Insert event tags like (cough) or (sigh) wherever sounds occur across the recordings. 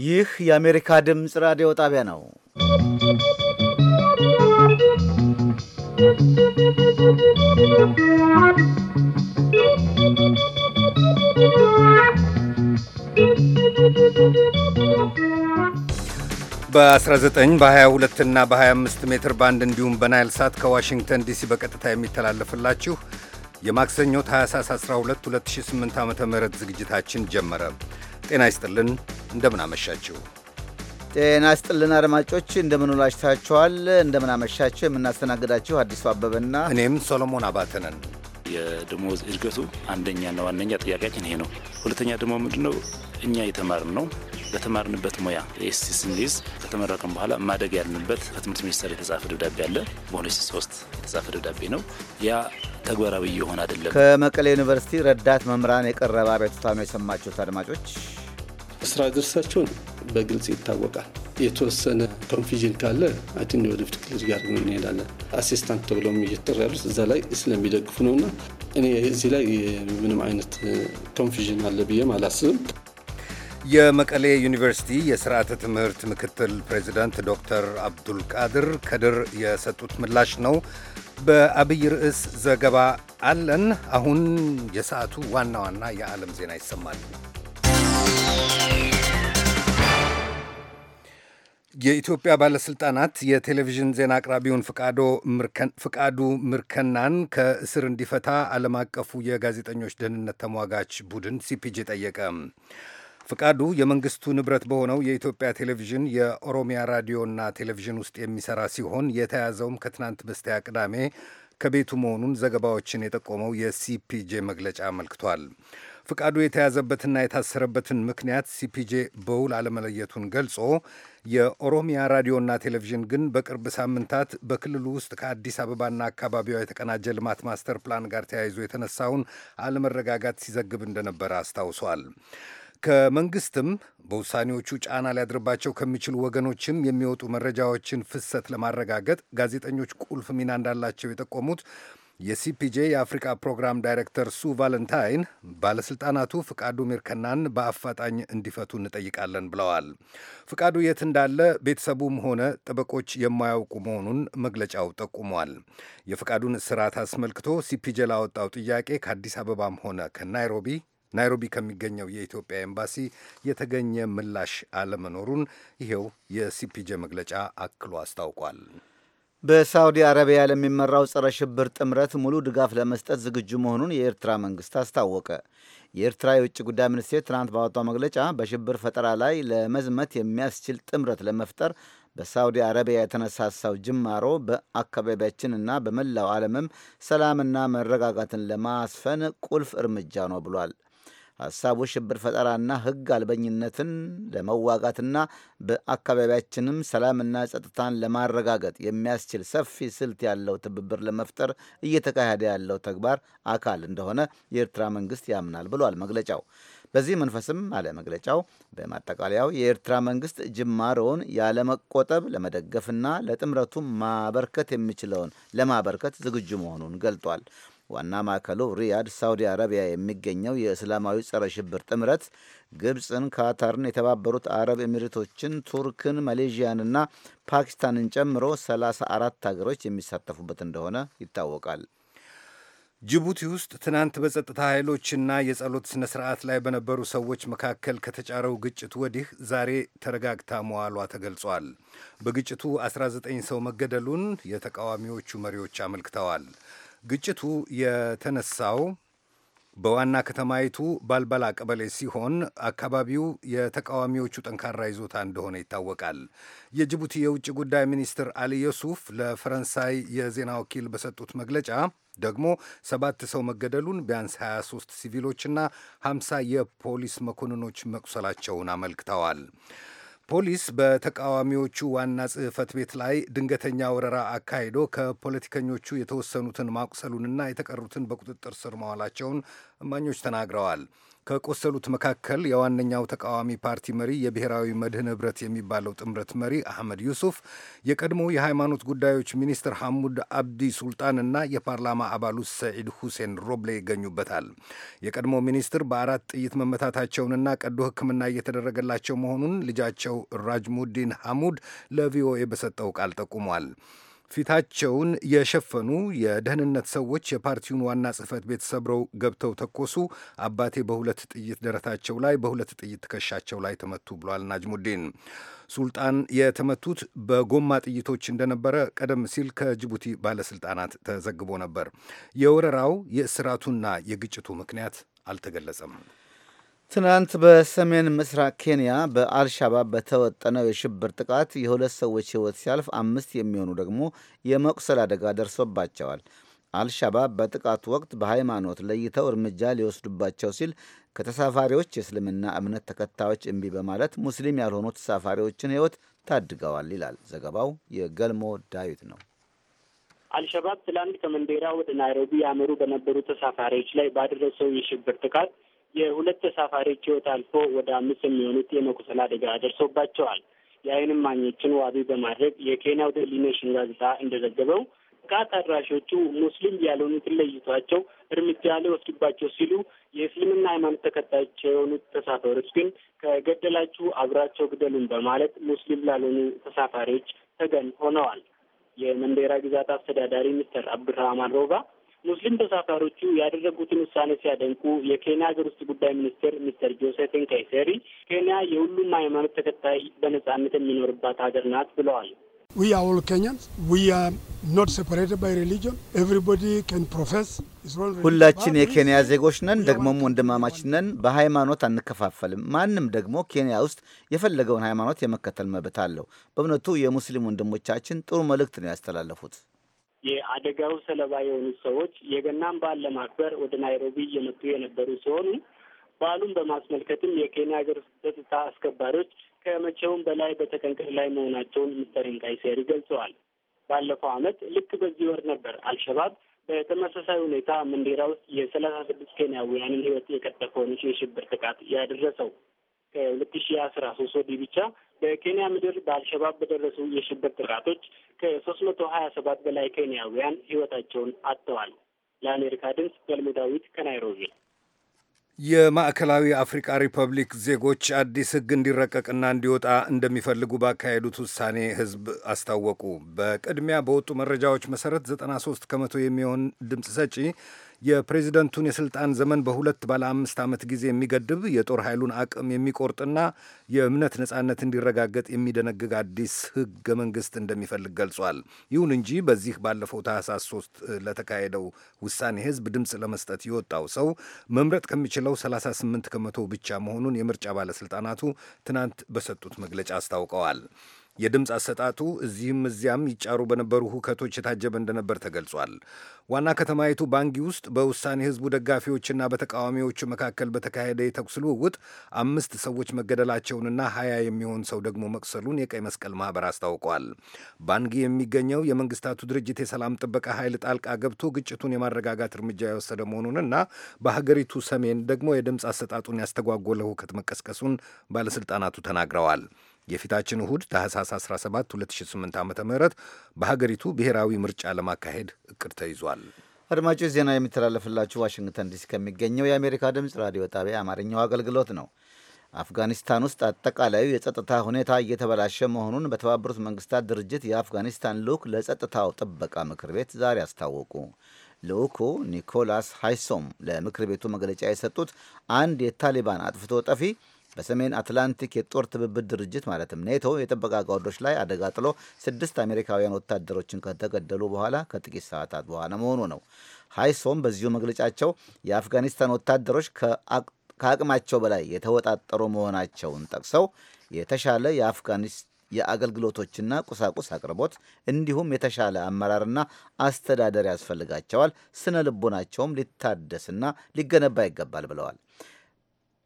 ይህ የአሜሪካ ድምፅ ራዲዮ ጣቢያ ነው። በ19 በ22 እና በ25 ሜትር ባንድ እንዲሁም በናይል ሳት ከዋሽንግተን ዲሲ በቀጥታ የሚተላለፍላችሁ የማክሰኞ ታህሳስ 12 2008 ዓ ም ዝግጅታችን ጀመረ። ጤና ይስጥልን፣ እንደምናመሻችው ጤና ይስጥልን አድማጮች፣ እንደምንውላችታችኋል፣ እንደምናመሻቸው የምናስተናግዳችሁ አዲሱ አበበና እኔም ሶሎሞን አባተነን። የደሞዝ እድገቱ አንደኛና ዋነኛ ጥያቄያችን ይሄ ነው። ሁለተኛ ደግሞ ምንድነው እኛ የተማርን ነው በተማርንበት ሙያ ኤስሲ ስንይዝ ከተመረቅን በኋላ ማደግ ያለንበት ከትምህርት ሚኒስቴር የተጻፈ ደብዳቤ አለ። በ2003 የተጻፈ ደብዳቤ ነው። ያ ተግባራዊ እየሆነ አይደለም። ከመቀሌ ዩኒቨርሲቲ ረዳት መምህራን የቀረበ አቤቱታ ነው የሰማችሁት አድማጮች። ስራ ድርሳቸውን በግልጽ ይታወቃል። የተወሰነ ኮንፊዥን ካለ አይን ወደፊት ክልል ጋር እንሄዳለን። አሲስታንት ተብሎም እየተጠሩ ያሉት እዛ ላይ ስለሚደግፉ ነውና እኔ እዚህ ላይ ምንም አይነት ኮንፊዥን አለ ብዬም አላስብም። የመቀሌ ዩኒቨርሲቲ የስርዓተ ትምህርት ምክትል ፕሬዚዳንት ዶክተር አብዱልቃድር ከድር የሰጡት ምላሽ ነው። በአብይ ርዕስ ዘገባ አለን። አሁን የሰዓቱ ዋና ዋና የዓለም ዜና ይሰማል። የኢትዮጵያ ባለስልጣናት የቴሌቪዥን ዜና አቅራቢውን ፍቃዱ ምርከናን ከእስር እንዲፈታ ዓለም አቀፉ የጋዜጠኞች ደህንነት ተሟጋች ቡድን ሲፒጂ ጠየቀ። ፍቃዱ የመንግስቱ ንብረት በሆነው የኢትዮጵያ ቴሌቪዥን የኦሮሚያ ራዲዮና ቴሌቪዥን ውስጥ የሚሰራ ሲሆን የተያዘውም ከትናንት በስቲያ ቅዳሜ ከቤቱ መሆኑን ዘገባዎችን የጠቆመው የሲፒጄ መግለጫ አመልክቷል። ፍቃዱ የተያዘበትና የታሰረበትን ምክንያት ሲፒጄ በውል አለመለየቱን ገልጾ የኦሮሚያ ራዲዮና ቴሌቪዥን ግን በቅርብ ሳምንታት በክልሉ ውስጥ ከአዲስ አበባና አካባቢዋ የተቀናጀ ልማት ማስተር ፕላን ጋር ተያይዞ የተነሳውን አለመረጋጋት ሲዘግብ እንደነበረ አስታውሷል። ከመንግስትም በውሳኔዎቹ ጫና ሊያድርባቸው ከሚችሉ ወገኖችም የሚወጡ መረጃዎችን ፍሰት ለማረጋገጥ ጋዜጠኞች ቁልፍ ሚና እንዳላቸው የጠቆሙት የሲፒጄ የአፍሪካ ፕሮግራም ዳይሬክተር ሱ ቫለንታይን ባለሥልጣናቱ ፍቃዱ ሚርከናን በአፋጣኝ እንዲፈቱ እንጠይቃለን ብለዋል። ፍቃዱ የት እንዳለ ቤተሰቡም ሆነ ጠበቆች የማያውቁ መሆኑን መግለጫው ጠቁሟል። የፍቃዱን እስራት አስመልክቶ ሲፒጄ ላወጣው ጥያቄ ከአዲስ አበባም ሆነ ከናይሮቢ ናይሮቢ ከሚገኘው የኢትዮጵያ ኤምባሲ የተገኘ ምላሽ አለመኖሩን ይኸው የሲፒጄ መግለጫ አክሎ አስታውቋል። በሳውዲ አረቢያ ለሚመራው ጸረ ሽብር ጥምረት ሙሉ ድጋፍ ለመስጠት ዝግጁ መሆኑን የኤርትራ መንግስት አስታወቀ። የኤርትራ የውጭ ጉዳይ ሚኒስቴር ትናንት ባወጣው መግለጫ በሽብር ፈጠራ ላይ ለመዝመት የሚያስችል ጥምረት ለመፍጠር በሳውዲ አረቢያ የተነሳሳው ጅማሮ በአካባቢያችንና በመላው ዓለምም ሰላምና መረጋጋትን ለማስፈን ቁልፍ እርምጃ ነው ብሏል። ሀሳቡ ሽብር ፈጠራና ሕግ አልበኝነትን ለመዋጋትና በአካባቢያችንም ሰላምና ጸጥታን ለማረጋገጥ የሚያስችል ሰፊ ስልት ያለው ትብብር ለመፍጠር እየተካሄደ ያለው ተግባር አካል እንደሆነ የኤርትራ መንግስት ያምናል ብሏል መግለጫው። በዚህ መንፈስም አለ መግለጫው በማጠቃለያው የኤርትራ መንግስት ጅማሮውን ያለመቆጠብ ለመደገፍና ለጥምረቱ ማበርከት የሚችለውን ለማበርከት ዝግጁ መሆኑን ገልጧል። ዋና ማዕከሉ ሪያድ ሳውዲ አረቢያ የሚገኘው የእስላማዊ ጸረ ሽብር ጥምረት ግብፅን፣ ካታርን፣ የተባበሩት አረብ ኤሚሬቶችን፣ ቱርክን፣ ማሌዥያንና ፓኪስታንን ጨምሮ 34 ሀገሮች የሚሳተፉበት እንደሆነ ይታወቃል። ጅቡቲ ውስጥ ትናንት በጸጥታ ኃይሎችና የጸሎት ሥነ ሥርዓት ላይ በነበሩ ሰዎች መካከል ከተጫረው ግጭት ወዲህ ዛሬ ተረጋግታ መዋሏ ተገልጿል። በግጭቱ 19 ሰው መገደሉን የተቃዋሚዎቹ መሪዎች አመልክተዋል። ግጭቱ የተነሳው በዋና ከተማይቱ ባልባላ ቀበሌ ሲሆን አካባቢው የተቃዋሚዎቹ ጠንካራ ይዞታ እንደሆነ ይታወቃል። የጅቡቲ የውጭ ጉዳይ ሚኒስትር አሊ ዮሱፍ ለፈረንሳይ የዜና ወኪል በሰጡት መግለጫ ደግሞ ሰባት ሰው መገደሉን ቢያንስ 23 ሲቪሎችና 50 የፖሊስ መኮንኖች መቁሰላቸውን አመልክተዋል። ፖሊስ በተቃዋሚዎቹ ዋና ጽህፈት ቤት ላይ ድንገተኛ ወረራ አካሂዶ ከፖለቲከኞቹ የተወሰኑትን ማቁሰሉንና የተቀሩትን በቁጥጥር ስር መዋላቸውን እማኞች ተናግረዋል። ከቆሰሉት መካከል የዋነኛው ተቃዋሚ ፓርቲ መሪ የብሔራዊ መድህን ንብረት የሚባለው ጥምረት መሪ አህመድ ዩሱፍ፣ የቀድሞ የሃይማኖት ጉዳዮች ሚኒስትር ሐሙድ አብዲ ሱልጣን እና የፓርላማ አባሉ ሰዒድ ሁሴን ሮብሌ ይገኙበታል። የቀድሞ ሚኒስትር በአራት ጥይት መመታታቸውንና ቀዶ ሕክምና እየተደረገላቸው መሆኑን ልጃቸው ራጅሙዲን ሐሙድ ለቪኦኤ በሰጠው ቃል ጠቁሟል። ፊታቸውን የሸፈኑ የደህንነት ሰዎች የፓርቲውን ዋና ጽህፈት ቤት ሰብረው ገብተው ተኮሱ። አባቴ በሁለት ጥይት ደረታቸው ላይ፣ በሁለት ጥይት ትከሻቸው ላይ ተመቱ ብሏል ናጅሙዲን። ሱልጣን የተመቱት በጎማ ጥይቶች እንደነበረ ቀደም ሲል ከጅቡቲ ባለስልጣናት ተዘግቦ ነበር። የወረራው የእስራቱና የግጭቱ ምክንያት አልተገለጸም። ትናንት በሰሜን ምስራቅ ኬንያ በአልሻባብ በተወጠነው የሽብር ጥቃት የሁለት ሰዎች ሕይወት ሲያልፍ አምስት የሚሆኑ ደግሞ የመቁሰል አደጋ ደርሶባቸዋል። አልሻባብ በጥቃቱ ወቅት በሃይማኖት ለይተው እርምጃ ሊወስዱባቸው ሲል ከተሳፋሪዎች የእስልምና እምነት ተከታዮች እምቢ በማለት ሙስሊም ያልሆኑ ተሳፋሪዎችን ሕይወት ታድገዋል ይላል ዘገባው። የገልሞ ዳዊት ነው። አልሸባብ ትላንት ከመንዴራ ወደ ናይሮቢ ያመሩ በነበሩ ተሳፋሪዎች ላይ ባደረሰው የሽብር ጥቃት የሁለት ተሳፋሪዎች ህይወት አልፎ ወደ አምስት የሚሆኑት የመቁሰል አደጋ ደርሶባቸዋል። የአይን እማኞችን ዋቢ በማድረግ የኬንያው ዴይሊ ኔሽን ጋዜጣ እንደዘገበው ጥቃት አድራሾቹ ሙስሊም ያልሆኑትን ለይቷቸው እርምጃ ሊወስዱባቸው ሲሉ የእስልምና ሃይማኖት ተከታዮች የሆኑት ተሳፋሪዎች ግን ከገደላችሁ አብራቸው ግደሉን በማለት ሙስሊም ላልሆኑ ተሳፋሪዎች ተገን ሆነዋል። የመንዴራ ግዛት አስተዳዳሪ ሚስተር አብዱራህማን ሮባ ሙስሊም ተሳፋሪዎቹ ያደረጉትን ውሳኔ ሲያደንቁ የኬንያ ሀገር ውስጥ ጉዳይ ሚኒስትር ሚስተር ጆሴፍን ካይሴሪ ኬንያ የሁሉም ሃይማኖት ተከታይ በነጻነት የሚኖርባት ሀገር ናት ብለዋል። ዊ አር ኦል ኬንያንስ ሁላችን የኬንያ ዜጎች ነን፣ ደግሞም ወንድማማች ነን። በሃይማኖት አንከፋፈልም። ማንም ደግሞ ኬንያ ውስጥ የፈለገውን ሃይማኖት የመከተል መብት አለው። በእውነቱ የሙስሊም ወንድሞቻችን ጥሩ መልእክት ነው ያስተላለፉት። የአደጋው ሰለባ የሆኑት ሰዎች የገናን በዓል ለማክበር ወደ ናይሮቢ እየመጡ የነበሩ ሲሆኑ በዓሉን በማስመልከትም የኬንያ ሀገር ጸጥታ አስከባሪዎች ከመቼውም በላይ በተጠንቀቅ ላይ መሆናቸውን ሚስተር ንቃይሴሪ ገልጸዋል። ባለፈው ዓመት ልክ በዚህ ወር ነበር አልሸባብ በተመሳሳይ ሁኔታ መንዴራ ውስጥ የሰላሳ ስድስት ኬንያውያንን ህይወት የቀጠፈውን የሽብር ጥቃት ያደረሰው። ከሁለት ሺ አስራ ሶስት ወዲህ ብቻ በኬንያ ምድር በአልሸባብ በደረሱ የሽብር ጥቃቶች ከሶስት መቶ ሀያ ሰባት በላይ ኬንያውያን ህይወታቸውን አጥተዋል። ለአሜሪካ ድምፅ ገልሞ ዳዊት ከናይሮቢ። የማዕከላዊ አፍሪካ ሪፐብሊክ ዜጎች አዲስ ህግ እንዲረቀቅና እንዲወጣ እንደሚፈልጉ ባካሄዱት ውሳኔ ህዝብ አስታወቁ። በቅድሚያ በወጡ መረጃዎች መሰረት 93 ከመቶ የሚሆን ድምፅ ሰጪ የፕሬዚደንቱን የስልጣን ዘመን በሁለት ባለ አምስት ዓመት ጊዜ የሚገድብ የጦር ኃይሉን አቅም የሚቆርጥና የእምነት ነጻነት እንዲረጋገጥ የሚደነግግ አዲስ ህገ መንግስት እንደሚፈልግ ገልጿል። ይሁን እንጂ በዚህ ባለፈው ታህሳስ ሶስት ለተካሄደው ውሳኔ ህዝብ ድምፅ ለመስጠት የወጣው ሰው መምረጥ ከሚችለው 38 ከመቶ ብቻ መሆኑን የምርጫ ባለስልጣናቱ ትናንት በሰጡት መግለጫ አስታውቀዋል። የድምፅ አሰጣጡ እዚህም እዚያም ይጫሩ በነበሩ ሁከቶች የታጀበ እንደነበር ተገልጿል። ዋና ከተማይቱ ባንጊ ውስጥ በውሳኔ ህዝቡ ደጋፊዎችና በተቃዋሚዎቹ መካከል በተካሄደ የተኩስ ልውውጥ አምስት ሰዎች መገደላቸውንና ሀያ የሚሆን ሰው ደግሞ መቁሰሉን የቀይ መስቀል ማህበር አስታውቋል። ባንጊ የሚገኘው የመንግስታቱ ድርጅት የሰላም ጥበቃ ኃይል ጣልቃ ገብቶ ግጭቱን የማረጋጋት እርምጃ የወሰደ መሆኑንና በሀገሪቱ ሰሜን ደግሞ የድምፅ አሰጣጡን ያስተጓጎለ ሁከት መቀስቀሱን ባለስልጣናቱ ተናግረዋል። የፊታችን እሁድ ታህሳስ 17 2008 ዓ ም በሀገሪቱ ብሔራዊ ምርጫ ለማካሄድ እቅድ ተይዟል። አድማጮች ዜና የሚተላለፍላችሁ ዋሽንግተን ዲሲ ከሚገኘው የአሜሪካ ድምፅ ራዲዮ ጣቢያ የአማርኛው አገልግሎት ነው። አፍጋኒስታን ውስጥ አጠቃላዩ የጸጥታ ሁኔታ እየተበላሸ መሆኑን በተባበሩት መንግስታት ድርጅት የአፍጋኒስታን ልዑክ ለጸጥታው ጥበቃ ምክር ቤት ዛሬ አስታወቁ። ልዑኩ ኒኮላስ ሃይሶም ለምክር ቤቱ መግለጫ የሰጡት አንድ የታሊባን አጥፍቶ ጠፊ በሰሜን አትላንቲክ የጦር ትብብር ድርጅት ማለትም ኔቶ የጥበቃ ጋርዶች ላይ አደጋ ጥሎ ስድስት አሜሪካውያን ወታደሮችን ከተገደሉ በኋላ ከጥቂት ሰዓታት በኋላ መሆኑ ነው። ሃይሶም በዚሁ መግለጫቸው የአፍጋኒስታን ወታደሮች ከአቅማቸው በላይ የተወጣጠሩ መሆናቸውን ጠቅሰው የተሻለ የአፍጋኒስ የአገልግሎቶችና ቁሳቁስ አቅርቦት እንዲሁም የተሻለ አመራርና አስተዳደር ያስፈልጋቸዋል። ስነ ልቦናቸውም ሊታደስና ሊገነባ ይገባል ብለዋል።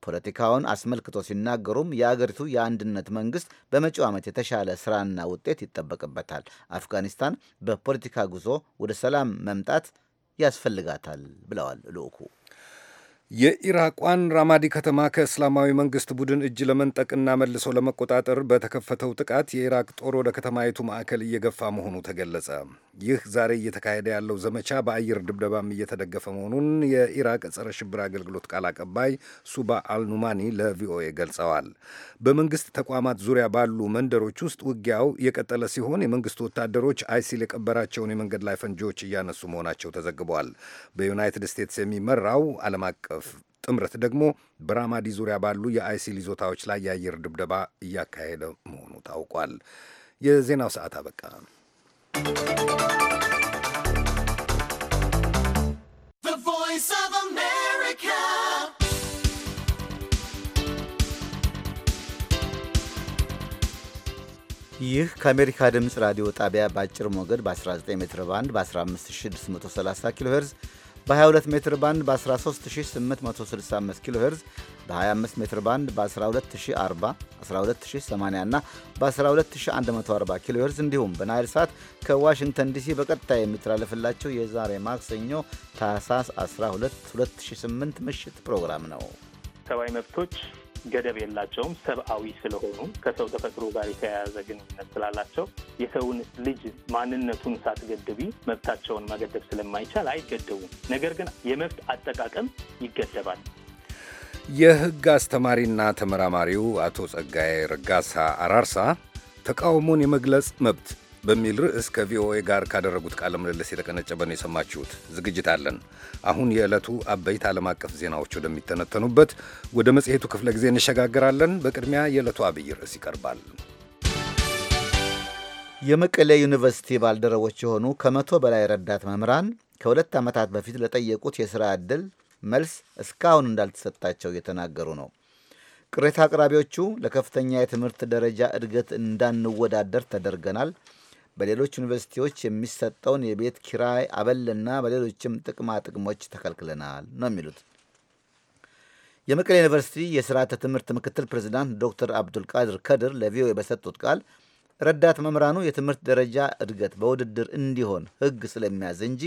ፖለቲካውን አስመልክቶ ሲናገሩም የአገሪቱ የአንድነት መንግስት በመጪው ዓመት የተሻለ ስራና ውጤት ይጠበቅበታል፣ አፍጋኒስታን በፖለቲካ ጉዞ ወደ ሰላም መምጣት ያስፈልጋታል ብለዋል ልዑኩ። የኢራቋን ራማዲ ከተማ ከእስላማዊ መንግስት ቡድን እጅ ለመንጠቅና መልሶ ለመቆጣጠር በተከፈተው ጥቃት የኢራቅ ጦር ወደ ከተማይቱ ማዕከል እየገፋ መሆኑ ተገለጸ። ይህ ዛሬ እየተካሄደ ያለው ዘመቻ በአየር ድብደባም እየተደገፈ መሆኑን የኢራቅ ጸረ ሽብር አገልግሎት ቃል አቀባይ ሱባ አልኑማኒ ለቪኦኤ ገልጸዋል። በመንግስት ተቋማት ዙሪያ ባሉ መንደሮች ውስጥ ውጊያው የቀጠለ ሲሆን የመንግስት ወታደሮች አይሲል የቀበራቸውን የመንገድ ላይ ፈንጂዎች እያነሱ መሆናቸው ተዘግቧል። በዩናይትድ ስቴትስ የሚመራው ዓለም አቀፍ አቀፍ ጥምረት ደግሞ በራማዲ ዙሪያ ባሉ የአይሲል ይዞታዎች ላይ የአየር ድብደባ እያካሄደ መሆኑ ታውቋል። የዜናው ሰዓት አበቃ። ይህ ከአሜሪካ ድምፅ ራዲዮ ጣቢያ በአጭር ሞገድ በ19 ሜትር ባንድ በ15630 ኪሎ ሄርዝ በ22 ሜትር ባንድ በ13865 ኪሎ ሄርዝ በ25 ሜትር ባንድ በ12040 12080 እና በ12140 ኪሎ ሄርዝ እንዲሁም በናይል ሳት ከዋሽንግተን ዲሲ በቀጥታ የሚተላለፍላቸው የዛሬ ማክሰኞ ታህሳስ 12 2008 ምሽት ፕሮግራም ነው። ሰብአዊ መብቶች ገደብ የላቸውም። ሰብአዊ ስለሆኑ ከሰው ተፈጥሮ ጋር የተያያዘ ግንኙነት ስላላቸው የሰውን ልጅ ማንነቱን ሳትገድቢ መብታቸውን መገደብ ስለማይቻል አይገደቡም። ነገር ግን የመብት አጠቃቀም ይገደባል። የሕግ አስተማሪና ተመራማሪው አቶ ጸጋዬ ረጋሳ አራርሳ ተቃውሞን የመግለጽ መብት በሚል ርዕስ ከቪኦኤ ጋር ካደረጉት ቃለ ምልልስ የተቀነጨበ ነው የሰማችሁት። ዝግጅት አለን። አሁን የዕለቱ አበይት ዓለም አቀፍ ዜናዎች ወደሚተነተኑበት ወደ መጽሔቱ ክፍለ ጊዜ እንሸጋግራለን። በቅድሚያ የዕለቱ አብይ ርዕስ ይቀርባል። የመቀሌ ዩኒቨርሲቲ ባልደረቦች የሆኑ ከመቶ በላይ ረዳት መምህራን ከሁለት ዓመታት በፊት ለጠየቁት የሥራ ዕድል መልስ እስካሁን እንዳልተሰጣቸው እየተናገሩ ነው። ቅሬታ አቅራቢዎቹ ለከፍተኛ የትምህርት ደረጃ እድገት እንዳንወዳደር ተደርገናል በሌሎች ዩኒቨርሲቲዎች የሚሰጠውን የቤት ኪራይ አበልና በሌሎችም ጥቅማ ጥቅሞች ተከልክለናል ነው የሚሉት። የመቀሌ ዩኒቨርሲቲ የስርዓተ ትምህርት ምክትል ፕሬዚዳንት ዶክተር አብዱልቃድር ከድር ለቪኦኤ በሰጡት ቃል ረዳት መምህራኑ የትምህርት ደረጃ እድገት በውድድር እንዲሆን ሕግ ስለሚያዝ እንጂ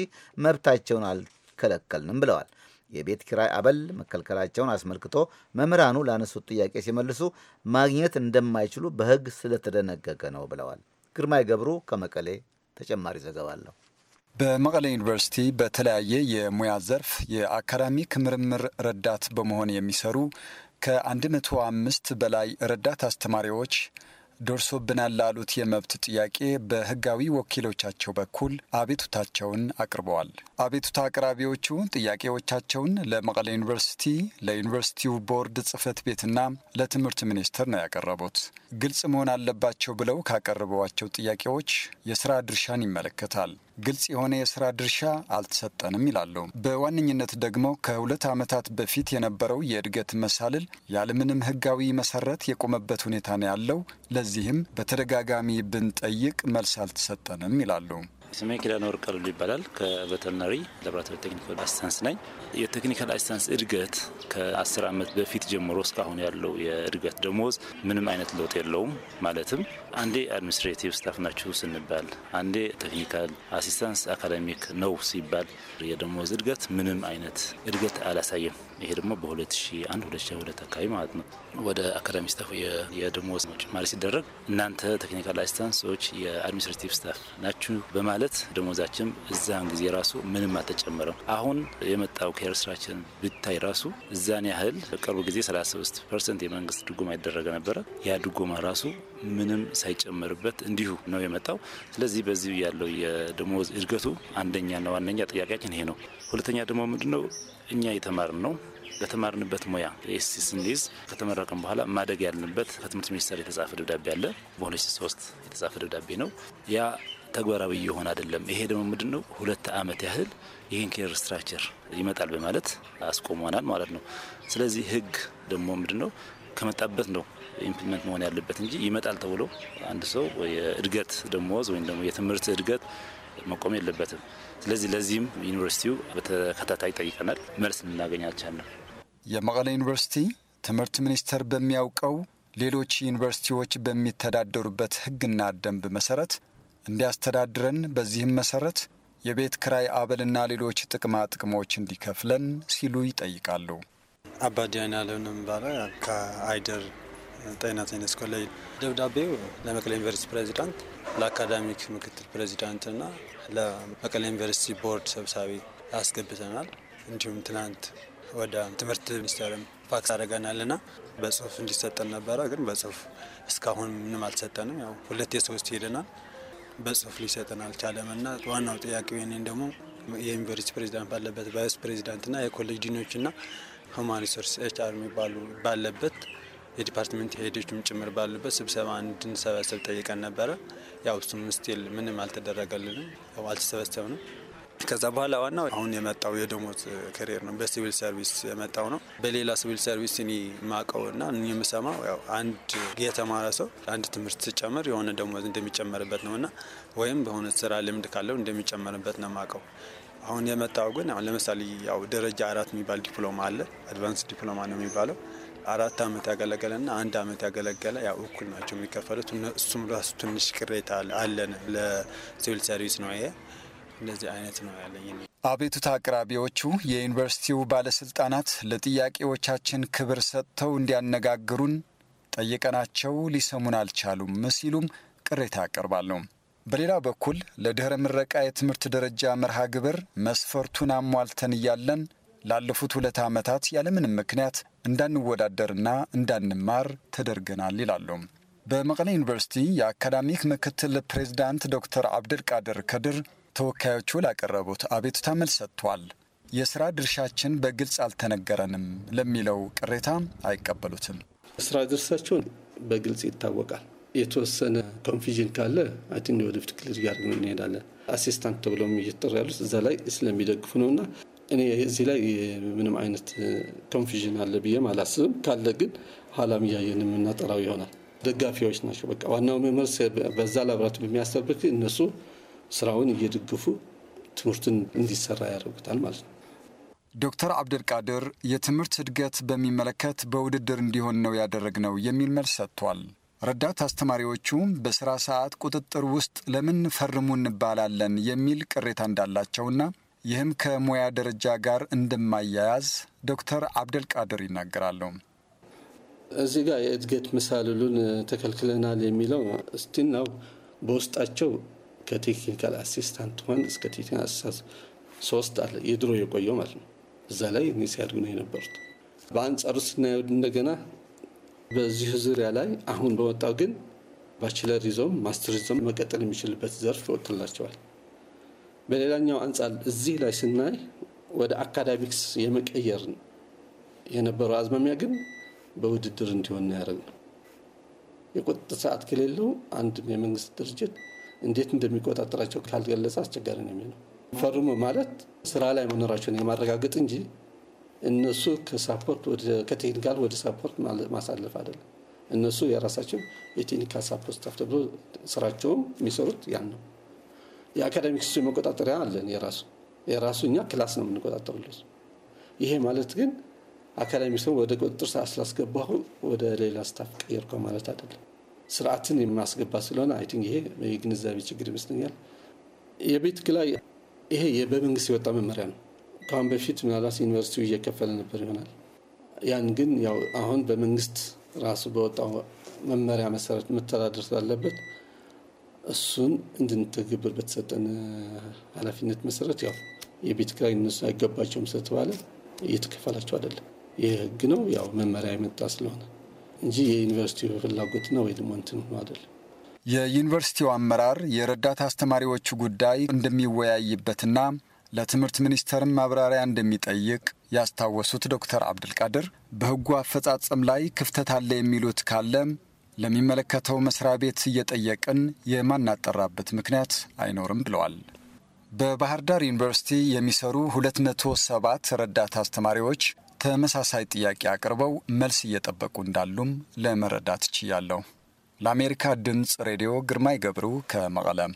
መብታቸውን አልከለከልንም ብለዋል። የቤት ኪራይ አበል መከልከላቸውን አስመልክቶ መምህራኑ ላነሱት ጥያቄ ሲመልሱ ማግኘት እንደማይችሉ በሕግ ስለተደነገገ ነው ብለዋል። ግርማይ ገብሩ ከመቀሌ ተጨማሪ ዘገባ አለው። በመቀሌ ዩኒቨርሲቲ በተለያየ የሙያ ዘርፍ የአካዳሚክ ምርምር ረዳት በመሆን የሚሰሩ ከ105 በላይ ረዳት አስተማሪዎች ደርሶብናል ላሉት የመብት ጥያቄ በህጋዊ ወኪሎቻቸው በኩል አቤቱታቸውን አቅርበዋል። አቤቱታ አቅራቢዎቹ ጥያቄዎቻቸውን ለመቀሌ ዩኒቨርሲቲ፣ ለዩኒቨርሲቲው ቦርድ ጽህፈት ቤትና ለትምህርት ሚኒስቴር ነው ያቀረቡት። ግልጽ መሆን አለባቸው ብለው ካቀረቧቸው ጥያቄዎች የስራ ድርሻን ይመለከታል። ግልጽ የሆነ የስራ ድርሻ አልተሰጠንም ይላሉ። በዋነኝነት ደግሞ ከሁለት ዓመታት በፊት የነበረው የእድገት መሳልል ያለምንም ህጋዊ መሰረት የቆመበት ሁኔታ ነው ያለው። ለዚህም በተደጋጋሚ ብንጠይቅ መልስ አልተሰጠንም ይላሉ። ስሜ ኪዳነ ወርቅ ይባላል። ከቬተርናሪ ላብራቶሪ ቴክኒካል አሲስታንስ ነኝ። የቴክኒካል አሲስታንስ እድገት ከአስር ዓመት በፊት ጀምሮ እስካሁን ያለው የእድገት ደሞዝ ምንም አይነት ለውጥ የለውም። ማለትም አንዴ አድሚኒስትሬቲቭ ስታፍ ናችሁ ስንባል፣ አንዴ ቴክኒካል አሲስታንስ አካዳሚክ ነው ሲባል የደሞዝ እድገት ምንም አይነት እድገት አላሳየም። ይሄ ደግሞ በ2001 2002 አካባቢ ማለት ነው ወደ አካዳሚ ስታፍ የደሞዝ ጭማሪ ሲደረግ እናንተ ቴክኒካል አሲስታንሶች የአድሚኒስትሬቲቭ ስታፍ ናችሁ በማለት ደሞዛችን እዛን ጊዜ ራሱ ምንም አልተጨመረም። አሁን የመጣው ከር ስራችን ብታይ ራሱ እዛን ያህል ቅርብ ጊዜ 35 ፐርሰንት የመንግስት ድጎማ ይደረገ ነበረ። ያ ድጎማ ራሱ ምንም ሳይጨመርበት እንዲሁ ነው የመጣው። ስለዚህ በዚህ ያለው የደሞዝ እድገቱ አንደኛና ዋነኛ ጥያቄያችን ይሄ ነው። ሁለተኛ ደግሞ ምንድነው እኛ የተማርን ነው በተማርንበት ሙያ ኤስሲ ስንይዝ በኋላ ማደግ ያለንበት ከትምህርት ሚኒስቴር የተጻፈ ደብዳቤ አለ። በ2003 የተጻፈ ደብዳቤ ነው። ያ ተግባራዊ እየሆነ አይደለም። ይሄ ደግሞ ምንድን ነው ሁለት ዓመት ያህል ይህን ኬር ስትራክቸር ይመጣል በማለት አስቆመናል ማለት ነው። ስለዚህ ህግ ደግሞ ምንድን ነው ከመጣበት ነው ኢምፕሊመንት መሆን ያለበት እንጂ ይመጣል ተብሎ አንድ ሰው የእድገት ደሞዝ ወይም ደግሞ የትምህርት እድገት መቆም የለበትም። ስለዚህ ለዚህም ዩኒቨርሲቲው በተከታታይ ጠይቀናል፣ መልስ ልናገኝ አልቻለም። የመቀለ ዩኒቨርሲቲ ትምህርት ሚኒስቴር በሚያውቀው ሌሎች ዩኒቨርሲቲዎች በሚተዳደሩበት ሕግና ደንብ መሰረት እንዲያስተዳድረን በዚህም መሰረት የቤት ክራይ አበልና ሌሎች ጥቅማ ጥቅሞች እንዲከፍለን ሲሉ ይጠይቃሉ። አባዲያን ያለውን ባለ ከአይደር ጤና ሳይንስ ኮሌጅ። ደብዳቤው ለመቀሌ ዩኒቨርሲቲ ፕሬዚዳንት፣ ለአካዳሚክ ምክትል ፕሬዚዳንት ፕሬዚዳንትና ለመቀሌ ዩኒቨርሲቲ ቦርድ ሰብሳቢ አስገብተናል። እንዲሁም ትናንት ወደ ትምህርት ሚኒስቴርም ፋክስ ና በጽሁፍ እንዲሰጠን ነበረ፣ ግን በጽሁፍ እስካሁን ምንም አልሰጠንም። ያው ሁለት የሶስት ሄደናል፣ በጽሁፍ ሊሰጠን አልቻለም። ና ዋናው ጥያቄ ኔን ደግሞ የዩኒቨርሲቲ ፕሬዚዳንት ባለበት ቫይስ ፕሬዚዳንት ና የኮሌጅ ዲኖች ና ሁማን ሪሶርስ ኤች አር የሚባሉ ባለበት የዲፓርትመንት ሄዶችም ጭምር ባሉበት ስብሰባ እንድንሰበሰብ ጠይቀን ነበረ። ያው እሱም ስቲል ምንም አልተደረገልንም፣ አልተሰበሰብንም። ከዛ በኋላ ዋናው አሁን የመጣው የደሞዝ ክሬር ነው። በሲቪል ሰርቪስ የመጣው ነው። በሌላ ሲቪል ሰርቪስ እኔ ማቀው ና የምሰማው ያው አንድ የተማረ ሰው አንድ ትምህርት ሲጨምር የሆነ ደሞዝ እንደሚጨመርበት ነው እና ወይም በሆነ ስራ ልምድ ካለው እንደሚጨመርበት ነው ማቀው። አሁን የመጣው ግን ለምሳሌ ያው ደረጃ አራት የሚባል ዲፕሎማ አለ። አድቫንስ ዲፕሎማ ነው የሚባለው አራት ዓመት ያገለገለና አንድ ዓመት ያገለገለ ያው እኩል ናቸው የሚከፈሉት። እሱም ራሱ ትንሽ ቅሬታ አለን። ለሲቪል ሰርቪስ ነው ይሄ። እንደዚህ አይነት ነው ያለኝ። አቤቱታ አቅራቢዎቹ የዩኒቨርሲቲው ባለስልጣናት ለጥያቄዎቻችን ክብር ሰጥተው እንዲያነጋግሩን ጠይቀናቸው ሊሰሙን አልቻሉም ሲሉም ቅሬታ ያቀርባሉ። በሌላ በኩል ለድኅረ ምረቃ የትምህርት ደረጃ መርሃ ግብር መስፈርቱን አሟልተን እያለን ላለፉት ሁለት ዓመታት ያለምንም ምክንያት እንዳንወዳደርና እንዳንማር ተደርገናል ይላሉ። በመቀለ ዩኒቨርሲቲ የአካዳሚክ ምክትል ፕሬዚዳንት ዶክተር አብደልቃድር ከድር ተወካዮቹ ላቀረቡት አቤቱታ መልስ ሰጥቷል። የስራ ድርሻችን በግልጽ አልተነገረንም ለሚለው ቅሬታ አይቀበሉትም። ስራ ድርሻቸውን በግልጽ ይታወቃል። የተወሰነ ኮንፊዥን ካለ አይ ወደፊት ክልል ጋር እንሄዳለን። አሲስታንት ተብለው እየተጠሩ ያሉት እዛ ላይ ስለሚደግፉ ነውና እኔ እዚህ ላይ ምንም አይነት ኮንፊዥን አለ ብዬም አላስብም። ካለ ግን ኋላም እያየን የምናጠራው ይሆናል። ደጋፊዎች ናቸው። በቃ ዋናው መመርስ በዛ ላብራቱ በሚያሰርበት እነሱ ስራውን እየደገፉ ትምህርቱን እንዲሰራ ያደርጉታል ማለት ነው። ዶክተር አብደልቃድር የትምህርት እድገት በሚመለከት በውድድር እንዲሆን ነው ያደረግነው የሚል መልስ ሰጥቷል። ረዳት አስተማሪዎቹም በስራ ሰዓት ቁጥጥር ውስጥ ለምን ፈርሙ እንባላለን የሚል ቅሬታ እንዳላቸውና ይህም ከሙያ ደረጃ ጋር እንደማያያዝ ዶክተር አብደልቃድር ይናገራሉ። እዚህ ጋር የእድገት መሳልሉን ተከልክለናል የሚለው እስቲናው በውስጣቸው ከቴክኒካል አሲስታንት ሆን እስከ ቴክኒካል አሲስታንት ሶስት አለ የድሮ የቆየው ማለት ነው። እዛ ላይ እኔ ሲያድግ ነው የነበሩት። በአንጻሩ ስናየው እንደገና በዚህ ዙሪያ ላይ አሁን በወጣው ግን ባችለር ይዘውም ማስተር ይዘውም መቀጠል የሚችልበት ዘርፍ ይወጥላቸዋል። በሌላኛው አንጻር እዚህ ላይ ስናይ ወደ አካዳሚክስ የመቀየር የነበረው አዝማሚያ ግን በውድድር እንዲሆን ያደረግ ነው። የቁጥጥር ሰዓት ከሌለው አንድ የመንግስት ድርጅት እንዴት እንደሚቆጣጠራቸው ካልገለጸ አስቸጋሪ ነው የሚለው ፈርሙ ማለት ስራ ላይ መኖራቸውን የማረጋገጥ እንጂ እነሱ ከሳፖርት ከቴክኒካል ወደ ሳፖርት ማሳለፍ አይደለም። እነሱ የራሳቸው የቴክኒካል ሳፖርት ተብሎ ስራቸውም የሚሰሩት ያን ነው። የአካዳሚክስ መቆጣጠሪያ አለን። የራሱ የራሱ እኛ ክላስ ነው የምንቆጣጠሩለት። ይሄ ማለት ግን አካዳሚክስ ወደ ቁጥጥር ሰዓት ስላስገባሁ ወደ ሌላ ስታፍ ቀየርኮ ማለት አይደለም። ስርዓትን የማስገባ ስለሆነ አይ ቲንክ ይሄ የግንዛቤ ችግር ይመስለኛል። የቤት ኪራይ ይሄ በመንግስት የወጣ መመሪያ ነው። ከአሁን በፊት ምናልባት ዩኒቨርሲቲው እየከፈለ ነበር ይሆናል። ያን ግን ያው አሁን በመንግስት ራሱ በወጣው መመሪያ መሰረት መተዳደር ስላለበት እሱን እንድንተገብር በተሰጠን ኃላፊነት መሰረት ያው የቤት ኪራይ እነሱ አይገባቸውም ስለተባለ እየተከፈላቸው አይደለም። ይህ ህግ ነው ያው መመሪያ የመጣ ስለሆነ እንጂ የዩኒቨርሲቲው ፍላጎትና ወይ ደግሞ እንትን ሆኖ አይደለም። የዩኒቨርሲቲው አመራር የረዳት አስተማሪዎቹ ጉዳይ እንደሚወያይበትና ለትምህርት ሚኒስቴርም ማብራሪያ እንደሚጠይቅ ያስታወሱት ዶክተር አብድልቃድር በህጉ አፈጻጸም ላይ ክፍተት አለ የሚሉት ካለም ለሚመለከተው መስሪያ ቤት እየጠየቅን የማናጠራበት ምክንያት አይኖርም ብለዋል። በባህር ዳር ዩኒቨርሲቲ የሚሰሩ 207 ረዳት አስተማሪዎች ተመሳሳይ ጥያቄ አቅርበው መልስ እየጠበቁ እንዳሉም ለመረዳት ችያለሁ። ለአሜሪካ ድምፅ ሬዲዮ ግርማይ ገብሩ ከመቀለም